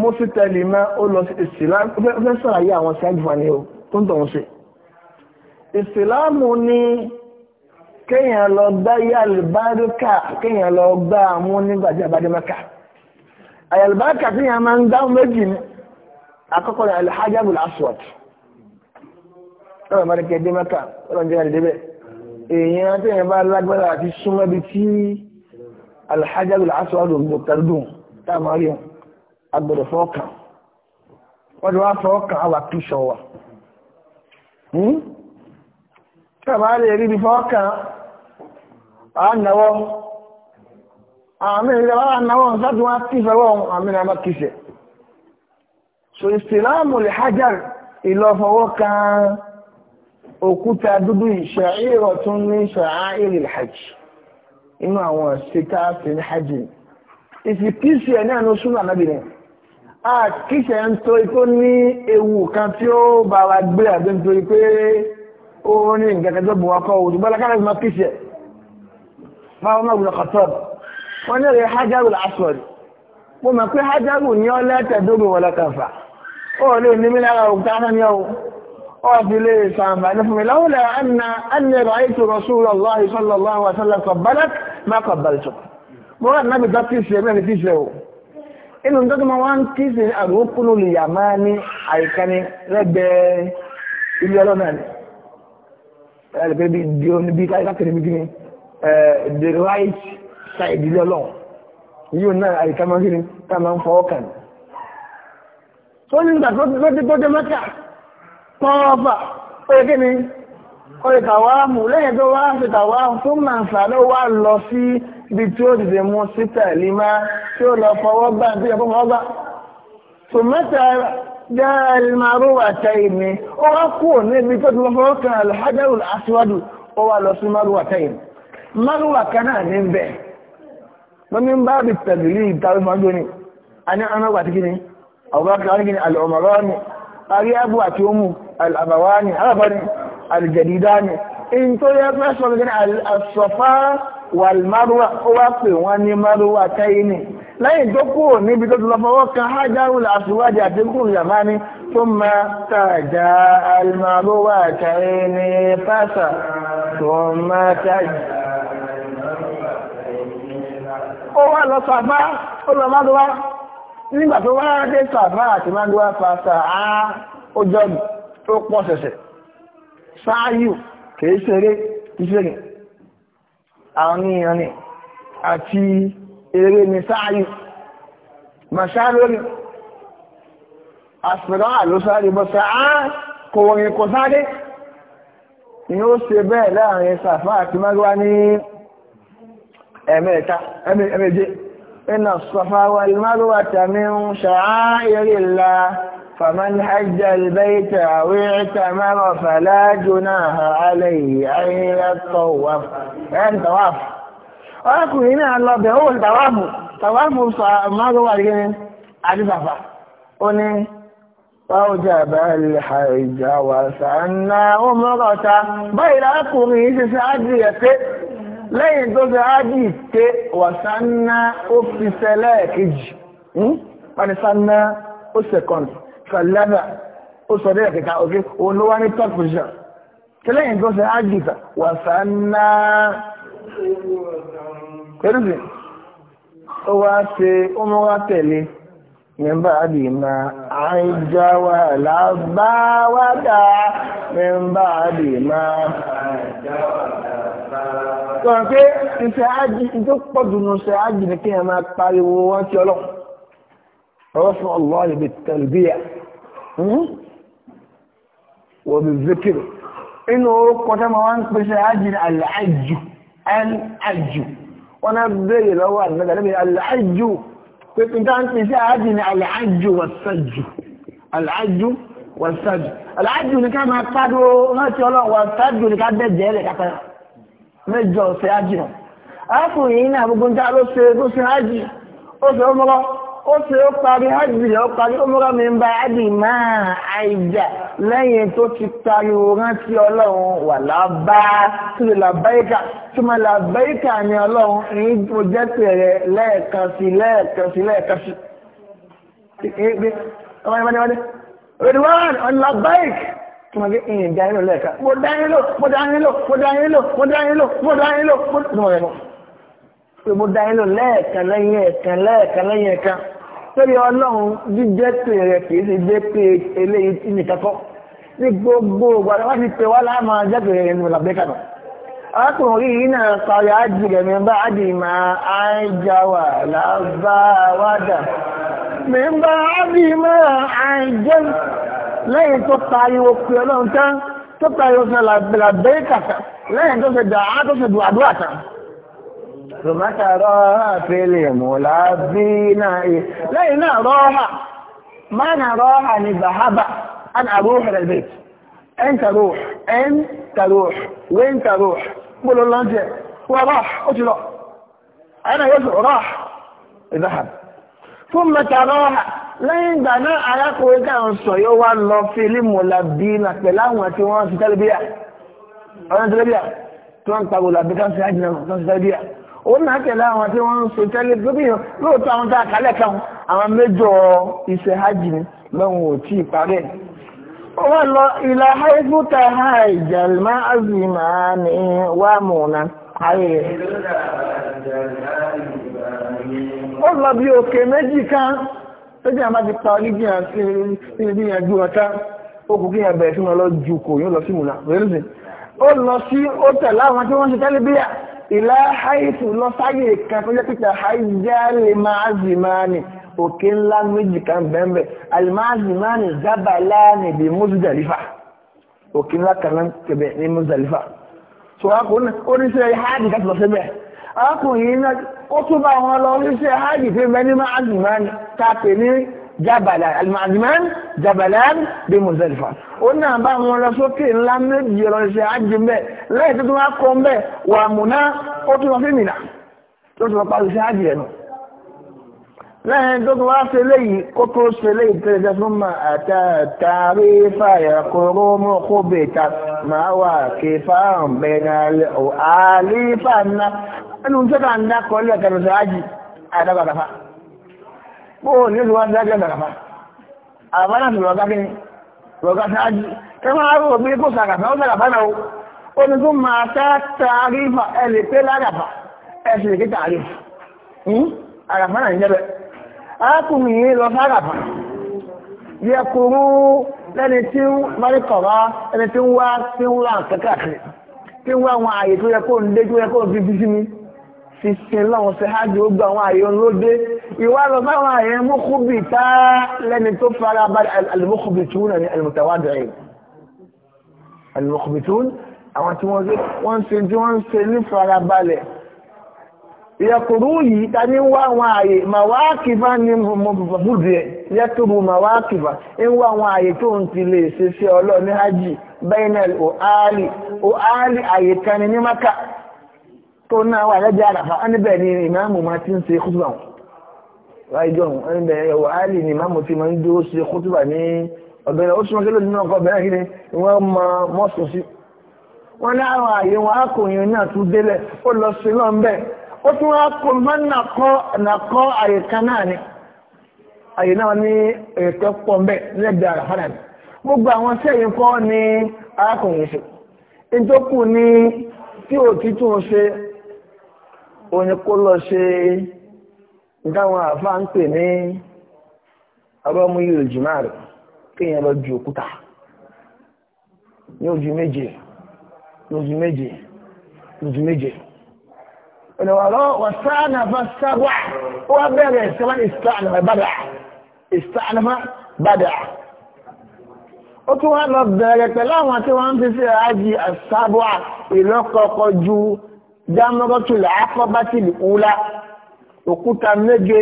mo sì tẹ̀lé mẹ́ ó lọ sí ìsìlámù ó fẹ́ sàlàyé àwọn ṣáàjùfà ni ó tó ń tọ̀hún sí ìsìlámù ni kéèyàn lọ gbá yàlùbáríkà kéèyàn lọ gbá àmú nígbà tí a bá dé Mẹ́kà àyàlùbáríkà kéèyàn máa ń dáhùn méjì ní àkọ́kọ́ ní alhajabul aswad ọ̀rọ̀ mẹ́rin kẹ́ẹ̀dé Mẹ́kà ọ̀rọ̀ jẹ́ àdébẹ̀ èèyàn téèyàn bá lágbára àti súnmọ́ bí tí alhajabul aswad ò gbọ́ tẹ́lú dùn táà máa rí wọn agbọ̀dọ̀ fọ́ọ̀kà wọ́n ti wá fọ́ọ̀kà àwà píṣọ̀ wà tàbá hmm? lè rí bí fọ́ọ̀kà àánáwọ́ àmì ìjọba àánáwọ́ sáti wá píṣọ̀wọ́ àmì ìjọba so ìsìláàmù lè hajar ìlọ́fọwọ́ kan òkúta dúdú ìṣàírọ̀ tún ní ìṣàírì hajj inú àwọn ṣe tá a fi ní hajj ní àná àkíṣẹ́ ń torí tó ní ewu kan tí ó bá wa gbé àbí nítorí pé ó ní nǹkan kan tó bù wá kọ́ òun ṣùgbọ́n lákàrà ìmọ̀ kíṣẹ́ fáwọn ọmọ ìgbìmọ̀ kọ̀tọ́ọ̀bù wọ́n ní ọ̀rẹ́ hajarul aswad mo mọ̀ pé hajaru ní ọlẹ́tẹ̀dógún wọlé kàfà ó lè ní mi lára òkúta ní ọ̀hún ó fi lè sàmbà ní fún mi lọ́wọ́lẹ̀ annẹ̀rọ àìtò Rasulullahi sallallahu inú tó tó wá ń kí sí àgbókùnú lìyà máa ní àìkání lẹ́gbẹ̀ẹ́ ilé ọlọ́nà ni ẹ̀rẹ̀pẹ̀ bí di omi bí káàkiri bí kíni the right side ilé ọlọ́run yíò náà àìká máa kíni tá máa ń fọwọ́ kàn tó ní ìgbà tó ti tó dé mẹ́ta pọ́ọ́fà ó yẹ kíni ó yẹ kàwáàmù lẹ́yìn tó wá ṣe kàwáàmù tó máa ń sàlẹ̀ wá lọ sí ibi tí ó dìde mú síta lima tí ó lọ fọwọ́ gbà tí ó fọwọ́ gbà tó mẹ́ta dáàlì máa rú àtẹ ìní ó wá kú níbi tó ti fọwọ́ kan alhajaru aswadu ó wá lọ sí maru àtẹ ìní maru àkan náà ní bẹ́ẹ̀ lọ́mí ń bá bi tẹ̀lé ìtàwé máa ń dóni ọmọ ìgbà kìíní ọ̀gbọ́n kan kìíní alọ́mọ̀rọ́ ni aríyábù àti omu alàbàwá ni alábọ́ ni alìjẹ̀dídá ni in tó sọ wa ó wá pè wọ́n ní márùwà káyínì lẹ́yìn tó kúrò níbi tó ti lọ fọwọ́ kan hajjarul aswadi àti kúrò yamani tó ma tàjà almárùwà káyínì fásà tó ma tàjà ó wá lọ sàfá ó lọ márùwà nígbà tó wá dé sàfá àti márùwà fásà á ó jọ ó pọ̀ sẹ̀sẹ̀ sáyù kìí ṣeré kìí àrin ìrìn àti eré ní sáàrí màṣálórí àṣìrán àlósáàrí bọ́sá á kò rìn kò sáré ni ó ṣe bẹ́ẹ̀ láàrin sàfá àti márúwá ní ẹ̀mẹ́ta ẹ̀mẹ́jẹ́ ẹ̀nà sàfá wal márúwá tàmí ń ṣàá eré láà فمن حج البيت أو اعتمر فلا جناح عليه أن يتطوف يعني طواف ọkùnrin náà lọ bẹ̀ ó tàwáàmù tàwáàmù márùwà gíní àdìsàfà ó ní ọjàbà ìhàìjà wà sàánà ó mọ́rọ̀ta báyìí lákùnrin ṣe ṣe ájì rẹ̀ pé lẹ́yìn tó ṣe ájì pé wà sàánà ó fi ṣẹlẹ̀ kejì wọ́n ni sàánà ó ṣẹ̀kọ̀ǹtì sallama ó sọ dé ẹ̀kẹta òkè òun ló wá ní third position tẹ́lẹ̀yìn tó ṣe ájìta wà sáńnà pẹ̀lúbì ó wá ṣe ọmọwá tẹ̀lé mẹ́mbà lábáwádà mẹ́mbà tó kí máa pariwo wọ́n ọlọ́run fún ọlọ́run ibi Hmm? wọ́n bí zikir inú orúkọ tó ma wọ́n pèsè ajin al'ajju al'ajju wọ́n na bèèrè lọ́wọ́ àdínlẹ́gbẹ̀ lẹ́bẹ̀ al'ajju pípín tó ń pèsè ajin al'ajju wasajju al'ajju wasajju al'ajju ní ká máa tádó láti ọlọ́wọ́ wasajju ní ká ó ti ó parí ájì ó parí ọmọrọ mi ń bá ájì máa àìjà lẹ́yìn tó ti tariwo rántí ọlọ́run wà lábá tí lè làbáyíkà tí mo làbáyíkà ni ọlọ́run èyí mo jẹ́ lẹ́ẹ̀kan sí lẹ́ẹ̀kan sí lẹ́ẹ̀kan sí. ọmọdé wọ́n dé òdì wọ́n ọ̀làbáyíkì tí mo gé ìyìn lẹ́ẹ̀kan lẹ́yìn ẹ̀kan lẹ́ẹ̀kan lẹ́yìn ẹ̀kan torí ọlọ́run jíjẹ́ pé rẹ̀ kìí ṣe jẹ́ pé eléyìí tí ní kẹ́kọ́ ní gbogbo ọgbàdá wá ti pè wá láàmà jẹ́ pé rẹ̀ ní mọ̀làbẹ́kà náà arákùnrin yìí náà parí ájì rẹ̀ mẹ́bà ájì máa àìjáwà lábáwádà mẹ́bà ájì máa àìjẹ́ lẹ́yìn tó pariwo pé ọlọ́run tán tó pariwo fẹ́ làbẹ́kà lẹ́yìn tó fẹ́ dà á tó fẹ́ dùn àdúrà tán tòmátà rọ́hà pélé mọ́lá bí náà ẹ̀ lẹ́yìn náà rọ́hà mánà rọ́hà ni bàhábà an àrùhà rẹ̀ bẹ̀ẹ̀ ẹn tàrùh ẹn tàrùh wẹ́n tàrùh gbọ́lọ́ lọ́njẹ́ wọ́n rọ́h ó ti lọ ẹ̀nà yóò sọ rọ́h ìdáhà fún mẹ́ta rọ́hà lẹ́yìn ìgbà náà arákùnrin táwọn sọ yóò wá lọ fílímù làbí nà pẹ̀lú àwọn tí wọ́n ti tẹ́lẹ̀ bíyà ọ̀rẹ́ tẹ́lẹ̀ bíyà tí wọ́n ń òun náà tẹ̀lé àwọn tí wọ́n ń so tẹ́lẹ̀ gómìnà lóòótọ́ àwọn tá a kálẹ̀ kan àwọn mẹ́jọ iṣẹ́ hajj ni lọ́wọ́n ò tí ì parí ẹ̀. ó wá lọ ilẹ̀ haifuta hajj alma azima ni wà múna ayé rẹ̀. ó lọ bí òkè méjì kan tó jẹ́ àmà ti pa onígbìyànjú ọ̀tá ó kù kí yàn bẹ̀rẹ̀ sí wọn lọ ju kò yóò lọ sí múna ó lọ sí ó tẹ̀lé àwọn tí wọ́n ń ṣe tẹ́lẹ̀ bíyà ìlà haifu lọ sáyé kan tó jẹ́ pípa haijali maazimani òkè ńlá méjì kan bẹ̀m̀bẹ̀ almaazimani zabalani bí muzudalifa òkè ńlá kan náà kẹbẹ̀ ní muzudalifa so akùnrin oníṣẹ́ hajj láti lọ síbẹ̀ akùnrin náà ó tún bá wọn lọ oníṣẹ́ ní maazimani ní jabalan alimaziman jabalan bí muzalifa ó náà bá wọn lọ sókè ńlá méjì ìrọ̀ṣẹ́ ajé ń bẹ̀ lẹ́yìn tó tún wá kọ́ ń bẹ̀ wà múná ó tún lọ sí mìnà tó tún lọ parí sí ajé ẹnu lẹ́yìn tó tún wá ṣe léyìí kó tó ṣe léyìí tẹ́lẹ̀ fún ma àtàtàrí fàyà kóró mú kó bèta máa wà kí fáwọn bẹ̀rẹ̀ àlífà náà ẹnu tó kà ń dákọ̀ lẹ́kẹ̀rẹ̀ sí ajé àdábàdàfà bóò ní oṣù wá dájọ́ sàràfà àbára sì rọ̀gá kíni rọ̀gá sáájú ẹ máa rò pé kó sàràfà ó sàràfà náà o ó ní tó máa tá tààrífà ẹ lè pé láràfà ẹ sì lè ké tààrífà hmm? àràfà náà ń jẹ́bẹ̀ arákùnrin yìí lọ sáràfà yẹ kúrú lẹ́ni tí ń mọ́ríkọ̀ọ́rá ẹni tí ń wá tí ń wá kẹ́kẹ́ àkìrì ti sin láwọn ṣe hajj ó gba àwọn àyè ọlọ́dẹ ìwà lọ fáwọn àyè mọ́kúbì tá lẹ́ni tó fara balẹ̀ alimọ́kúbì tún náà ní alimọ́tàwádìí rẹ̀ alimọ́kúbì tún àwọn tí wọ́n ṣe wọ́n ṣe tí wọ́n ṣe ní fara balẹ̀ ìyàkùrú yìí ta ní wá àwọn àyè màwáàkìbá ní mọ̀bùbùdì ẹ̀ yẹ́tùbù màwáàkìbá ń wá àwọn àyè tó ń ti lè ṣe sí ọlọ́ ní hajj bẹ́ẹ̀ náà ò áàlì ò áàlì àyè kan ní Mákà tó náà wà lẹ́jẹ́ àràfà á ni ìmáàmù máa ti ń ṣe kútùbà wọn ráìjọ ẹnbẹ̀ ẹ̀wọ̀ áàlì ni ìmáàmù ti máa ń dúró ṣe kútùbà ní ọ̀bẹ̀rẹ̀ ó súnmọ́ kílò nínú ọkọ̀ bẹ̀rẹ̀ kí ni wọ́n mọ mọ́sùn sí wọ́n ní àwọn àyè wọn akòyìn náà tún délẹ̀ ó lọ sí lọ́n bẹ́ẹ̀ ó tún wá kó má nàkọ́ àyè kan náà ni àyè náà ní ètò pọ̀ ń bẹ̀ lẹ́gbẹ̀ẹ́ àràfà náà ni gbogbo àwọn sẹ́yìn kọ́ ni arákùnrin ṣe ní tó tí òtítù ṣe onye kó lọ ṣe ìdáwọn àfá ń ní abọ́mú yìí òjìmá rẹ̀ kéèyàn lọ ju òkúta ní ojú méje ní ojú bere ní wà bẹ̀rẹ̀ sẹ́wà ìsánàfà bàdà ìsánàfà bàdà ó tún lọ bẹ̀rẹ̀ pẹ̀lú àwọn tí dámọ́rọ́tù àfọ́bátìlì ńlá òkúta méje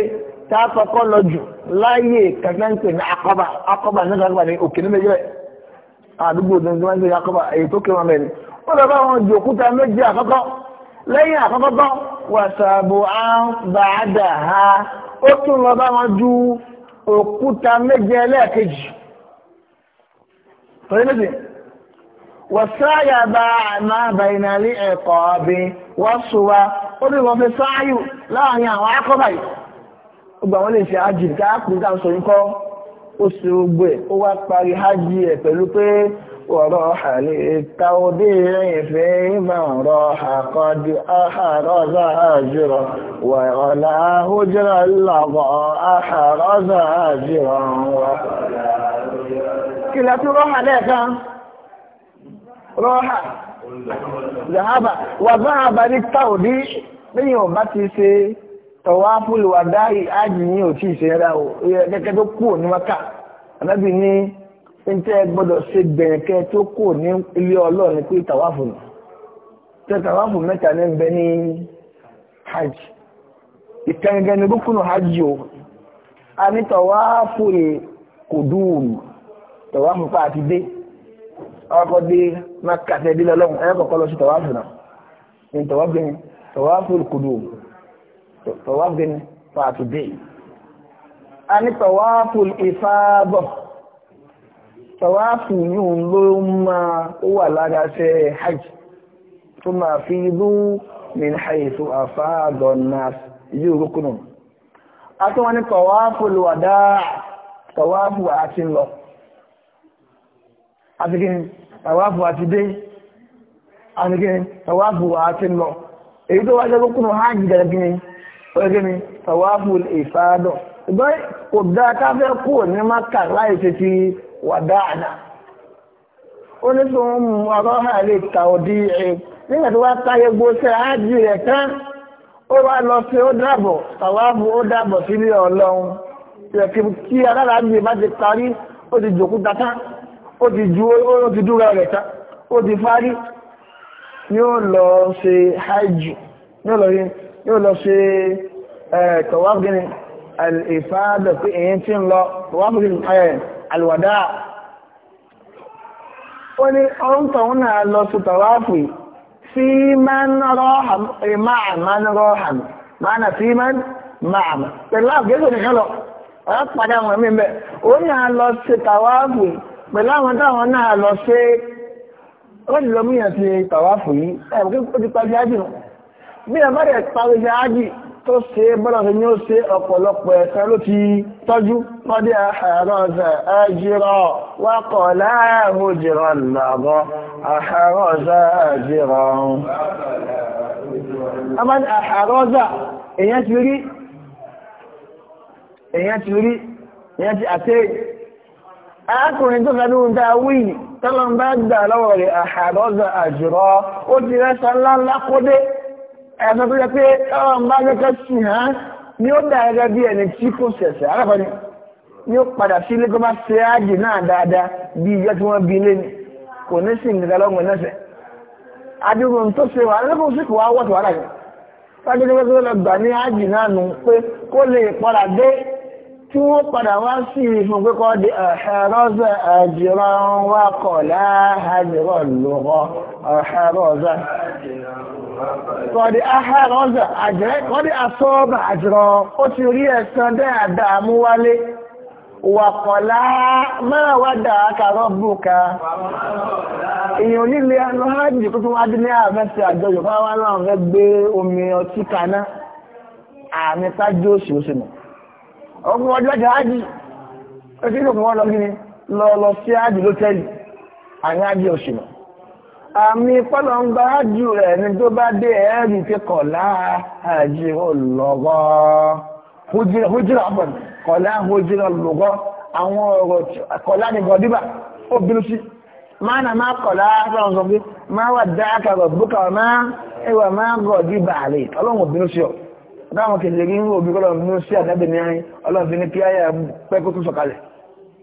tá a kọ́kọ́ lọ jù láyé kàgbẹ́ǹpẹ̀ ní akọ́bà akọ́bà ní akọ́bà ní òkè ní méjì bẹ́ẹ̀ àdúgbò tó ń tó ń gbé akọ́bà èyí tó kéwọn bẹ́ẹ̀ ni ó lọ bá wọn ju òkúta méje àkọ́kọ́ lẹ́yìn àkọ́kọ́ bọ́ wàsàbò á bá a dà ha ó tún lọ bá wọn ju òkúta méje lẹ́ẹ̀kejì wàsáyà bá a máa ẹ̀kọ́ bíi wọ́n sọ wa ó bí wọ́n fi sááyù láàrin àwọn akọ́bà yìí ó gbà wọ́n lè ṣe hajj káàkiri ká sọ nǹkan ó ṣe gbogbo ẹ̀ ó wá parí hajj ẹ̀ pẹ̀lú pé ọ̀rọ̀ àlè tàbí rìn fẹ́ rọ́hà zahaba wà zahaba ní táòdí lẹ́yìn ọ̀bá ti ṣe tọ̀wá púlù àdá ìhájì ní òtí ìṣẹ́ra o kẹ́kẹ́ tó kù ní maka ànábì ní ntẹ́ gbọ́dọ̀ ṣe gbẹ̀rẹ̀kẹ́ tó kù ní ilé ọlọ́run pé tàwáfù ní tẹ́ tàwáfù mẹ́ta ní bẹ ní hajj ní o a ní tọ̀wáfù kò dùn tọ̀wáfù pa àti dé ọkọ̀ dé maka tẹ̀dí lọ́lọ́run ẹ kọ́kọ́ lọ sí tọ̀wáfù náà ní tọ̀wáfù ní tọ̀wáfù kudu tọ̀wáfù ní fàtúdé a ní tọ̀wáfù ìfáàbọ̀ tọ̀wáfù yìí ló máa ó wà lára ṣe hajj tó máa fi rú min haisu àfáàgọ̀ náà yìí rúkúnù a tún wọ́n ní tọ̀wáfù lùwàdá tọ̀wáfù àti lọ́pù àtìkín tàwáàfù àti dé àtìkín tàwáàfù àti lọ èyí tó wájẹ́ tó kúrò hajj gẹ̀rẹ́gìnì ọ̀rẹ́gìnì tàwáàfù ìfàádọ̀ ṣùgbọ́n kò dáa káfẹ́ kú ní maka láì ṣe ti wà dáadáa ó ní tó ń mú arọ́hà lè ta òdí ẹ̀ nígbà tó gbé bá ti parí ó ti jòkú tata ó ti ju ó ti dúra rẹ̀ ta ó ti fárí ni ó lọ ṣe hajj ni ó lọ rí ni ó lọ ṣe tawaf gini al-ifada pé èyí tí ń lọ tawaf gini alwada ó ní ọ̀ntọ̀ náà lọ sí tawaf fi man rọ́hàm máa man rọ́hàm máa pẹ̀lú àgbẹ̀sọ̀ nìkan lọ ọ̀rọ̀ mímẹ́ ó ní a lọ sí tawaf pẹ̀lú àwọn táwọn náà lọ ṣe wọ́n ti lọ mú yàn sí tàwáfù yìí ẹ̀bùn kí ó ti parí ájì nù bí ẹ̀ rẹ̀ parí ájì tó ṣe bọ́lá ṣe ní ó ṣe ọ̀pọ̀lọpọ̀ ẹ̀sán ló ti tọ́jú fọ́dí àhàrọ̀ṣà àjírọ̀ wákọ̀ láàrùjírọ̀ lọ́gọ́ àhàrọ̀ṣà àjírọ̀ ọ̀hún. àhàrọ̀ṣà èèyàn ti rí èèyàn arákùnrin tó sàbí ohun tàà wí tọ́lọ́n bá gbà lọ́wọ́ rẹ̀ àhàrọ́zà àjùrọ́ ó ti rẹ́sà ńláńlá kódé ẹ̀sọ́ tó yẹ pé tọ́lọ́n bá gẹ́gẹ́ sí hàn ni ó dà gẹ́gẹ́ bí ẹni tí kò ṣẹ̀ṣẹ̀ arákùnrin ni ó padà sí ilé tó bá ṣe tí wọ́n padà wá sí ìfún pípọ́ di ọ̀ṣẹ́rọ́zẹ̀ àjírọ̀ wá kọ̀ láàájírọ̀ lọ́wọ́ ọ̀ṣẹ́rọ́zẹ̀ kọ̀dí ahárọ́zẹ̀ àjírẹ́ kọ́dí asọ́ọ̀bà àjírọ̀ ó ti rí ẹ̀sán dáadáa mú wálé wàkọ̀lá máa wá dáakarọ́ bùka èèyàn nílé aláàjì kó tó wá dín ní àfẹ́sẹ̀ àjọyọ̀ fáwọn aláwọ̀ fẹ́ gbé omi ọtí kaná àmì tájú òṣìṣẹ́ náà ọmọ ọjọ́ jẹ́ ájì ẹgbẹ́ ìlú wọn lọ gíní lọ lọ sí ájì lótẹ́lì àní ájì òṣìnà àmì pọ́lọ̀ ń gba ájì rẹ̀ ní tó bá dé ẹ̀rì pé kọ̀lá ájì olùlọ́gọ́ hujira ọ̀pọ̀n kọ̀lá hujira olùlọ́gọ́ àwọn ọ̀rọ̀ kọ̀lá ní gọ̀díbà ó bínú sí máa nà máa kọ̀lá sọ̀rọ̀ sọ pé máa wà dáàkà rọ̀ bùkà máa ẹwà máa gọ̀díbà rẹ̀ ọlọ́run ò bínú sí ọ̀rọ̀ láwọn kèdè rí ní òbí kọ́lọ̀ mú sí àdábìnrin ọlọ́run fi ní kí áyà pẹ́ kó tún sọ̀kalẹ̀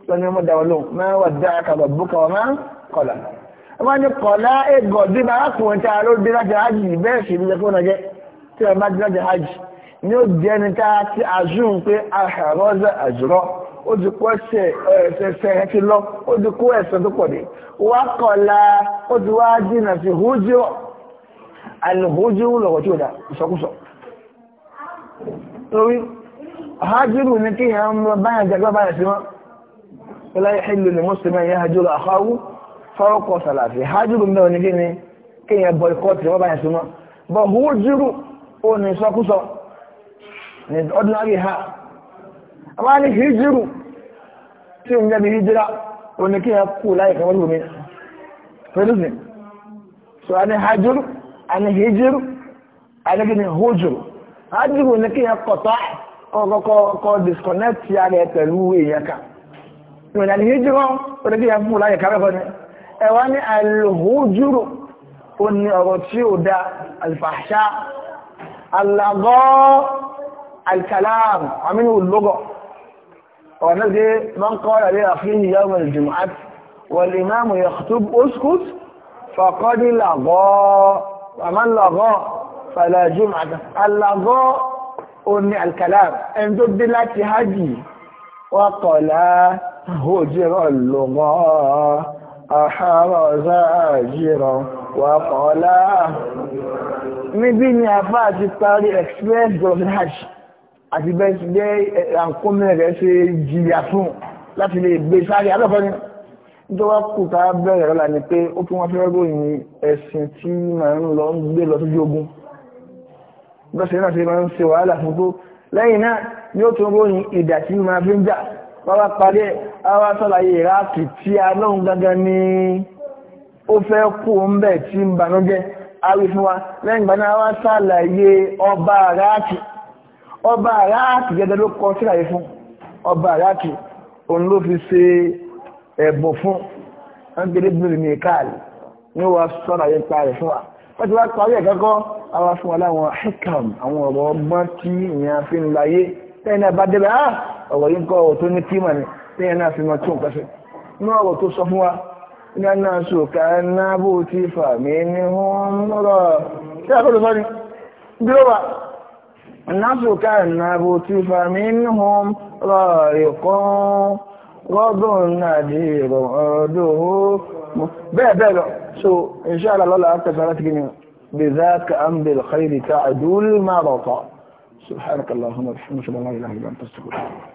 lọ́nà ọmọ dáwọ́ lóhùn máa wà dá àkàbà búkà ọmọ kọlà wọ́n ní kọlá ẹgọ̀ bí bá kùnrin tí a ló dé láti hajj bẹ́ẹ̀ sì ní ẹkọ́ nàjẹ́ tí a bá ó jẹ́ ní tí ó dà ìsọkúsọ̀ torí hajjúrù ní kí yàn mú báyàn jẹgbẹ́ báyàn sí wọn ilá ìhìlú ni mùsùlùmí yẹn hajjúrù àkọ́wú fọ́rọ́kọ̀ sàlàfí hajjúrù mẹ́wọ̀n ní kí ni kí yàn bọ̀ìkọ́tì wọ́n báyàn sí wọn bọ̀ hújúrù ó ní sọkúsọ ní ordinary ha àmá ní hijúrù tí ń jẹ́bi hijira ó ní kí yàn kú láì kẹwàá lómi fẹ́lúsìn ádùbù ní kéèyàn kọ̀tọ́ kọ́ disconnect ara ẹ̀ pẹ̀lú èèyàn kan ìrìnà ní hijira ó ní kéèyàn fún láyé kárẹ́kọ́ ni ẹ̀wá ní àlùhùjúrò ó ní ọ̀rọ̀ tí ó da alfàṣà alàgọ́ alkalam àmínú ológọ́ ọ̀rọ̀ náà dé kọ́ ọ̀rẹ́ àfihàn yawm al-jum'ah wal-imam yakhutub usqut faqad lagha wa man lagha fàlà jùmọ̀tà alàgọ́ oní alkalam ẹni tó dé láti hajj wọ́n kọ̀lá hujirọ̀ lùgọ́ àhárọ̀ záàjìrọ̀ wọ́n kọ̀lá níbi ni àfá àti parí express golden hajj àti bẹ́ẹ̀ àkómẹ́ rẹ̀ ṣe jìyà fún láti lè gbé sáré alọ́fọ́ni nítorí kù ká bẹ̀rẹ̀ lọ́la pé ó fún wọn fẹ́rẹ́ ròyìn ẹ̀sìn tí màá ń lọ gbé lọ sójú ogun bọ́sẹ̀ náà ṣe máa ń ṣe wàhálà fún tó lẹ́yìn náà yóò tún ròyìn ìdà tí máa fi ń jà bàbá parí ẹ̀ àwa sọ́láyé ìráàkì tí alóhun gangan ni ó fẹ́ kú ń bẹ̀ tí ń banújẹ́ awi fún wa lẹ́yìn ìgbà náà wá sàlàyé ọba àráàkì ọba àráàkì gẹ́gẹ́ ló kọ sílàyé fún ọba àráàkì òun ló fi ṣe ni ó wá sọ́láyé pa rẹ̀ wọ́n ti wá parí ẹ̀kọ́kọ́ àwọn fún wa láwọn hikam àwọn ọ̀rọ̀ ọgbọ́n tí ìyẹn fi ń láyé tẹ́yìn náà bá débẹ̀ ah ọ̀rọ̀ yìí kọ́ ọ̀rọ̀ tó ní tíma ni tẹ́yìn fi máa tún nǹkan sí inú ọ̀rọ̀ tó sọ fún wa iná náà sòkà náà bó fà mí ní hùmọ́rọ̀ tí rọ́dùn nàdìrò ọdúnhó bẹ́ẹ̀ شو ان شاء الله lọ́la اكتب láti gini بذاك أم بالخير تعدو ما سبحانك اللهم وبحمدك لا إله إلا أنت استغفرك